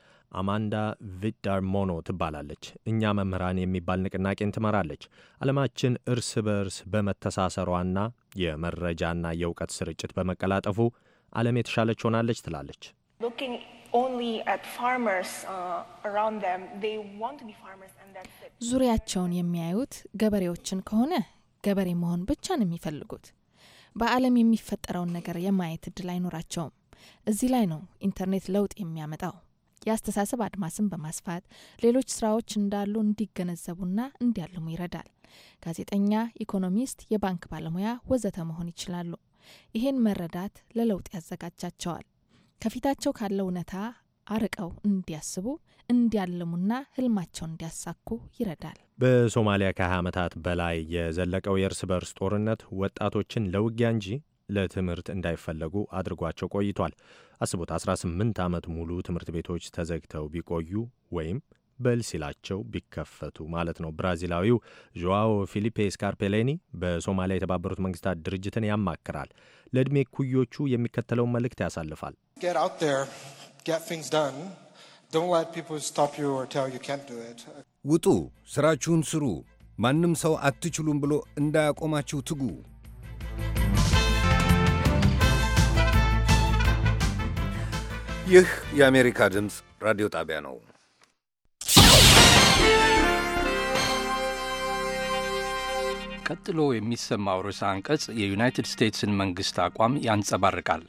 አማንዳ ቪዳርሞኖ ትባላለች። እኛ መምህራን የሚባል ንቅናቄን ትመራለች። ዓለማችን እርስ በርስ በመተሳሰሯና የመረጃና የእውቀት ስርጭት በመቀላጠፉ ዓለም የተሻለች ሆናለች ትላለች። uh, ዙሪያቸውን የሚያዩት ገበሬዎችን ከሆነ ገበሬ መሆን ብቻ ነው የሚፈልጉት። በዓለም የሚፈጠረውን ነገር የማየት እድል አይኖራቸውም። እዚህ ላይ ነው ኢንተርኔት ለውጥ የሚያመጣው። የአስተሳሰብ አድማስን በማስፋት ሌሎች ስራዎች እንዳሉ እንዲገነዘቡና እንዲያልሙ ይረዳል። ጋዜጠኛ፣ ኢኮኖሚስት፣ የባንክ ባለሙያ ወዘተ መሆን ይችላሉ። ይሄን መረዳት ለለውጥ ያዘጋጃቸዋል። ከፊታቸው ካለው እውነታ አርቀው እንዲያስቡ እንዲያልሙና ህልማቸውን እንዲያሳኩ ይረዳል። በሶማሊያ ከ20 ዓመታት በላይ የዘለቀው የእርስ በርስ ጦርነት ወጣቶችን ለውጊያ እንጂ ለትምህርት እንዳይፈለጉ አድርጓቸው ቆይቷል። አስቡት 18 ዓመት ሙሉ ትምህርት ቤቶች ተዘግተው ቢቆዩ ወይም በል ሲላቸው ቢከፈቱ ማለት ነው። ብራዚላዊው ዦአዎ ፊሊፔ ስካርፔሌኒ በሶማሊያ የተባበሩት መንግስታት ድርጅትን ያማክራል። ለዕድሜ ኩዮቹ የሚከተለውን መልእክት ያሳልፋል። get things done. Don't let people stop you or tell you can't do it. ውጡ፣ ስራችሁን ስሩ። ማንም ሰው አትችሉም ብሎ እንዳያቆማችሁ ትጉ። ይህ የአሜሪካ ድምፅ ራዲዮ ጣቢያ ነው። ቀጥሎ የሚሰማው ርዕሰ አንቀጽ የዩናይትድ ስቴትስን መንግሥት አቋም ያንጸባርቃል።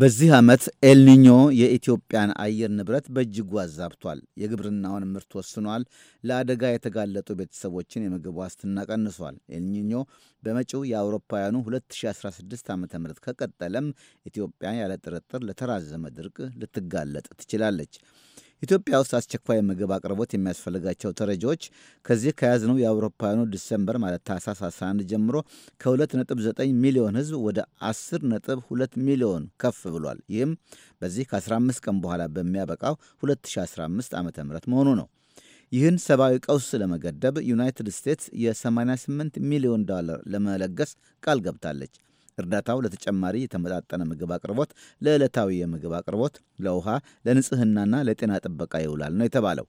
በዚህ ዓመት ኤልኒኞ የኢትዮጵያን አየር ንብረት በእጅጉ አዛብቷል። የግብርናውን ምርት ወስኗል። ለአደጋ የተጋለጡ ቤተሰቦችን የምግብ ዋስትና ቀንሷል። ኤልኒኞ በመጪው የአውሮፓውያኑ 2016 ዓ ም ከቀጠለም ኢትዮጵያ ያለ ጥርጥር ለተራዘመ ድርቅ ልትጋለጥ ትችላለች። ኢትዮጵያ ውስጥ አስቸኳይ ምግብ አቅርቦት የሚያስፈልጋቸው ተረጂዎች ከዚህ ከያዝነው የአውሮፓውያኑ ዲሰምበር ማለት ታህሳስ 11 ጀምሮ ከ2.9 ሚሊዮን ህዝብ ወደ 10.2 ሚሊዮን ከፍ ብሏል። ይህም በዚህ ከ15 ቀን በኋላ በሚያበቃው 2015 ዓ ም መሆኑ ነው። ይህን ሰብአዊ ቀውስ ለመገደብ ዩናይትድ ስቴትስ የ88 ሚሊዮን ዶላር ለመለገስ ቃል ገብታለች። እርዳታው ለተጨማሪ የተመጣጠነ ምግብ አቅርቦት፣ ለዕለታዊ የምግብ አቅርቦት፣ ለውሃ፣ ለንጽህናና ለጤና ጥበቃ ይውላል ነው የተባለው።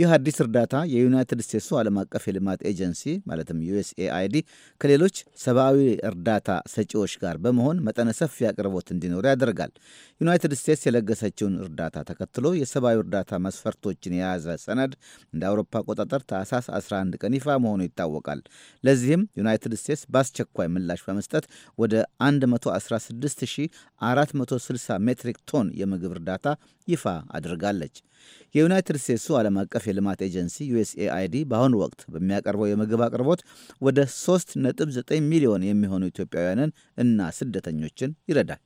ይህ አዲስ እርዳታ የዩናይትድ ስቴትሱ ዓለም አቀፍ የልማት ኤጀንሲ ማለትም ዩኤስኤአይዲ ከሌሎች ሰብአዊ እርዳታ ሰጪዎች ጋር በመሆን መጠነ ሰፊ አቅርቦት እንዲኖር ያደርጋል። ዩናይትድ ስቴትስ የለገሰችውን እርዳታ ተከትሎ የሰብአዊ እርዳታ መስፈርቶችን የያዘ ሰነድ እንደ አውሮፓ አቆጣጠር ታህሳስ 11 ቀን ይፋ መሆኑ ይታወቃል። ለዚህም ዩናይትድ ስቴትስ በአስቸኳይ ምላሽ በመስጠት ወደ 116460 ሜትሪክ ቶን የምግብ እርዳታ ይፋ አድርጋለች። የዩናይትድ ስቴትሱ ዓለም አቀፍ አቀፍ የልማት ኤጀንሲ ዩኤስኤአይዲ በአሁኑ ወቅት በሚያቀርበው የምግብ አቅርቦት ወደ 3.9 ሚሊዮን የሚሆኑ ኢትዮጵያውያንን እና ስደተኞችን ይረዳል።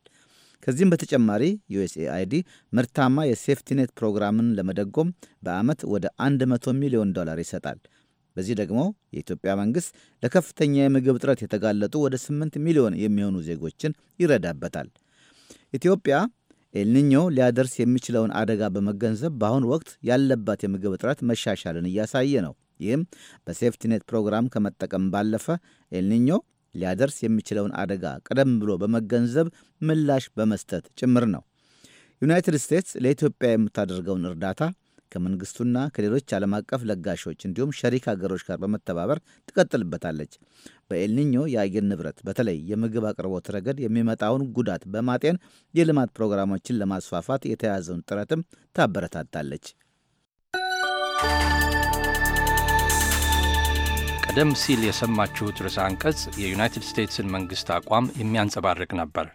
ከዚህም በተጨማሪ ዩኤስኤአይዲ ምርታማ የሴፍቲኔት ፕሮግራምን ለመደጎም በዓመት ወደ 100 ሚሊዮን ዶላር ይሰጣል። በዚህ ደግሞ የኢትዮጵያ መንግሥት ለከፍተኛ የምግብ እጥረት የተጋለጡ ወደ 8 ሚሊዮን የሚሆኑ ዜጎችን ይረዳበታል። ኢትዮጵያ ኤልኒኞ ሊያደርስ የሚችለውን አደጋ በመገንዘብ በአሁኑ ወቅት ያለባት የምግብ እጥረት መሻሻልን እያሳየ ነው። ይህም በሴፍቲኔት ፕሮግራም ከመጠቀም ባለፈ ኤልኒኞ ሊያደርስ የሚችለውን አደጋ ቀደም ብሎ በመገንዘብ ምላሽ በመስጠት ጭምር ነው። ዩናይትድ ስቴትስ ለኢትዮጵያ የምታደርገውን እርዳታ ከመንግስቱና ከሌሎች ዓለም አቀፍ ለጋሾች እንዲሁም ሸሪክ ሀገሮች ጋር በመተባበር ትቀጥልበታለች። በኤልኒኞ የአየር ንብረት በተለይ የምግብ አቅርቦት ረገድ የሚመጣውን ጉዳት በማጤን የልማት ፕሮግራሞችን ለማስፋፋት የተያዘውን ጥረትም ታበረታታለች። ቀደም ሲል የሰማችሁት ርዕሰ አንቀጽ የዩናይትድ ስቴትስን መንግሥት አቋም የሚያንጸባርቅ ነበር።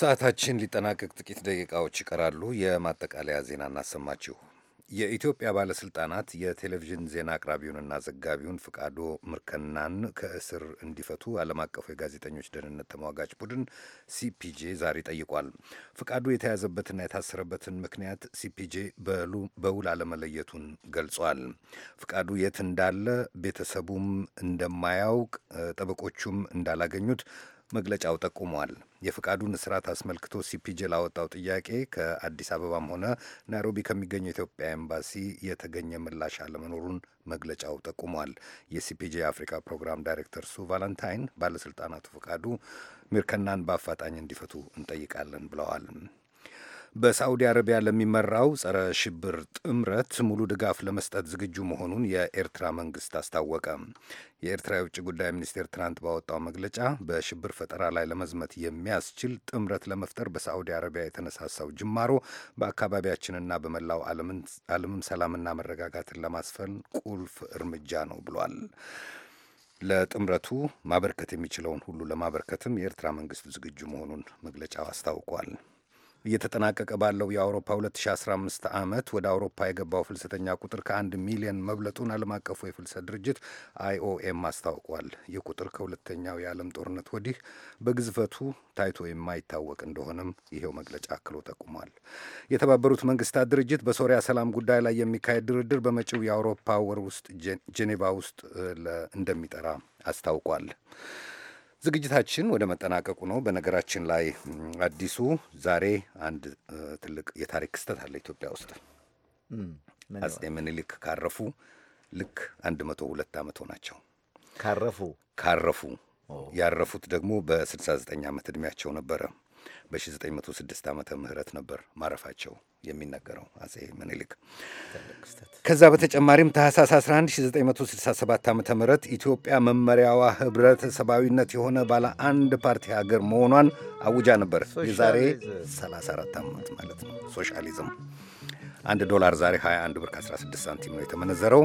ሰዓታችን ሊጠናቀቅ ጥቂት ደቂቃዎች ይቀራሉ። የማጠቃለያ ዜና እናሰማችሁ። የኢትዮጵያ ባለስልጣናት የቴሌቪዥን ዜና አቅራቢውንና ዘጋቢውን ፍቃዶ ምርከናን ከእስር እንዲፈቱ ዓለም አቀፉ የጋዜጠኞች ደህንነት ተሟጋች ቡድን ሲፒጄ ዛሬ ጠይቋል። ፍቃዱ የተያዘበትና የታሰረበትን ምክንያት ሲፒጄ በውል አለመለየቱን ገልጿል። ፍቃዱ የት እንዳለ ቤተሰቡም እንደማያውቅ ጠበቆቹም እንዳላገኙት መግለጫው ጠቁሟል። የፍቃዱን እስራት አስመልክቶ ሲፒጄ ላወጣው ጥያቄ ከአዲስ አበባም ሆነ ናይሮቢ ከሚገኘው ኢትዮጵያ ኤምባሲ የተገኘ ምላሽ አለመኖሩን መግለጫው ጠቁሟል። የሲፒጄ የአፍሪካ ፕሮግራም ዳይሬክተር ሱ ቫለንታይን ባለስልጣናቱ ፍቃዱ ሚርከናን በአፋጣኝ እንዲፈቱ እንጠይቃለን ብለዋል። በሳዑዲ አረቢያ ለሚመራው ጸረ ሽብር ጥምረት ሙሉ ድጋፍ ለመስጠት ዝግጁ መሆኑን የኤርትራ መንግስት አስታወቀ። የኤርትራ የውጭ ጉዳይ ሚኒስቴር ትናንት ባወጣው መግለጫ በሽብር ፈጠራ ላይ ለመዝመት የሚያስችል ጥምረት ለመፍጠር በሳዑዲ አረቢያ የተነሳሳው ጅማሮ በአካባቢያችንና በመላው ዓለምም ሰላምና መረጋጋትን ለማስፈን ቁልፍ እርምጃ ነው ብሏል። ለጥምረቱ ማበርከት የሚችለውን ሁሉ ለማበርከትም የኤርትራ መንግስት ዝግጁ መሆኑን መግለጫው አስታውቋል። እየተጠናቀቀ ባለው የአውሮፓ 2015 ዓመት ወደ አውሮፓ የገባው ፍልሰተኛ ቁጥር ከአንድ ሚሊዮን መብለጡን ዓለም አቀፉ የፍልሰት ድርጅት አይኦኤም አስታውቋል። ይህ ቁጥር ከሁለተኛው የዓለም ጦርነት ወዲህ በግዝፈቱ ታይቶ የማይታወቅ እንደሆነም ይሄው መግለጫ አክሎ ጠቁሟል። የተባበሩት መንግስታት ድርጅት በሶሪያ ሰላም ጉዳይ ላይ የሚካሄድ ድርድር በመጪው የአውሮፓ ወር ውስጥ ጄኔቫ ውስጥ እንደሚጠራ አስታውቋል። ዝግጅታችን ወደ መጠናቀቁ ነው። በነገራችን ላይ አዲሱ ዛሬ አንድ ትልቅ የታሪክ ክስተት አለ ኢትዮጵያ ውስጥ አጼ ምኒልክ ካረፉ ልክ ሁለት ዓመት ሆናቸው። ካረፉ ካረፉ ያረፉት ደግሞ በ69 ዓመት ዕድሜያቸው ነበረ። በ1906 ዓመተ ምህረት ነበር ማረፋቸው የሚነገረው አጼ ምኒልክ። ከዛ በተጨማሪም ታህሳስ 11 1967 ዓ ም ኢትዮጵያ መመሪያዋ ህብረተሰባዊነት የሆነ ባለ አንድ ፓርቲ ሀገር መሆኗን አውጃ ነበር። የዛሬ 34 ዓመት ማለት ነው። ሶሻሊዝም። አንድ ዶላር ዛሬ 21 ብር ከ16 ሳንቲም ነው የተመነዘረው።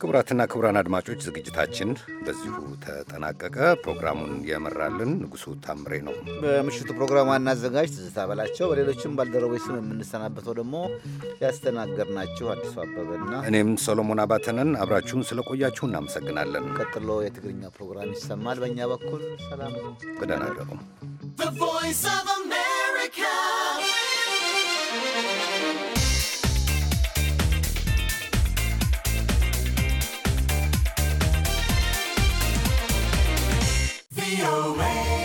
ክቡራትና ክቡራን አድማጮች ዝግጅታችን በዚሁ ተጠናቀቀ። ፕሮግራሙን የመራልን ንጉሱ ታምሬ ነው። በምሽቱ ፕሮግራም ዋና አዘጋጅ ትዝታ በላቸው፣ በሌሎችም ባልደረቦች ስም የምንሰናበተው ደግሞ ያስተናገድናችሁ አዲሱ አበበና እኔም ሰሎሞን አባተንን አብራችሁን ስለቆያችሁ እናመሰግናለን። ቀጥሎ የትግርኛ ፕሮግራም ይሰማል። በእኛ በኩል ሰላም፣ ደህና ደሩ። VOA.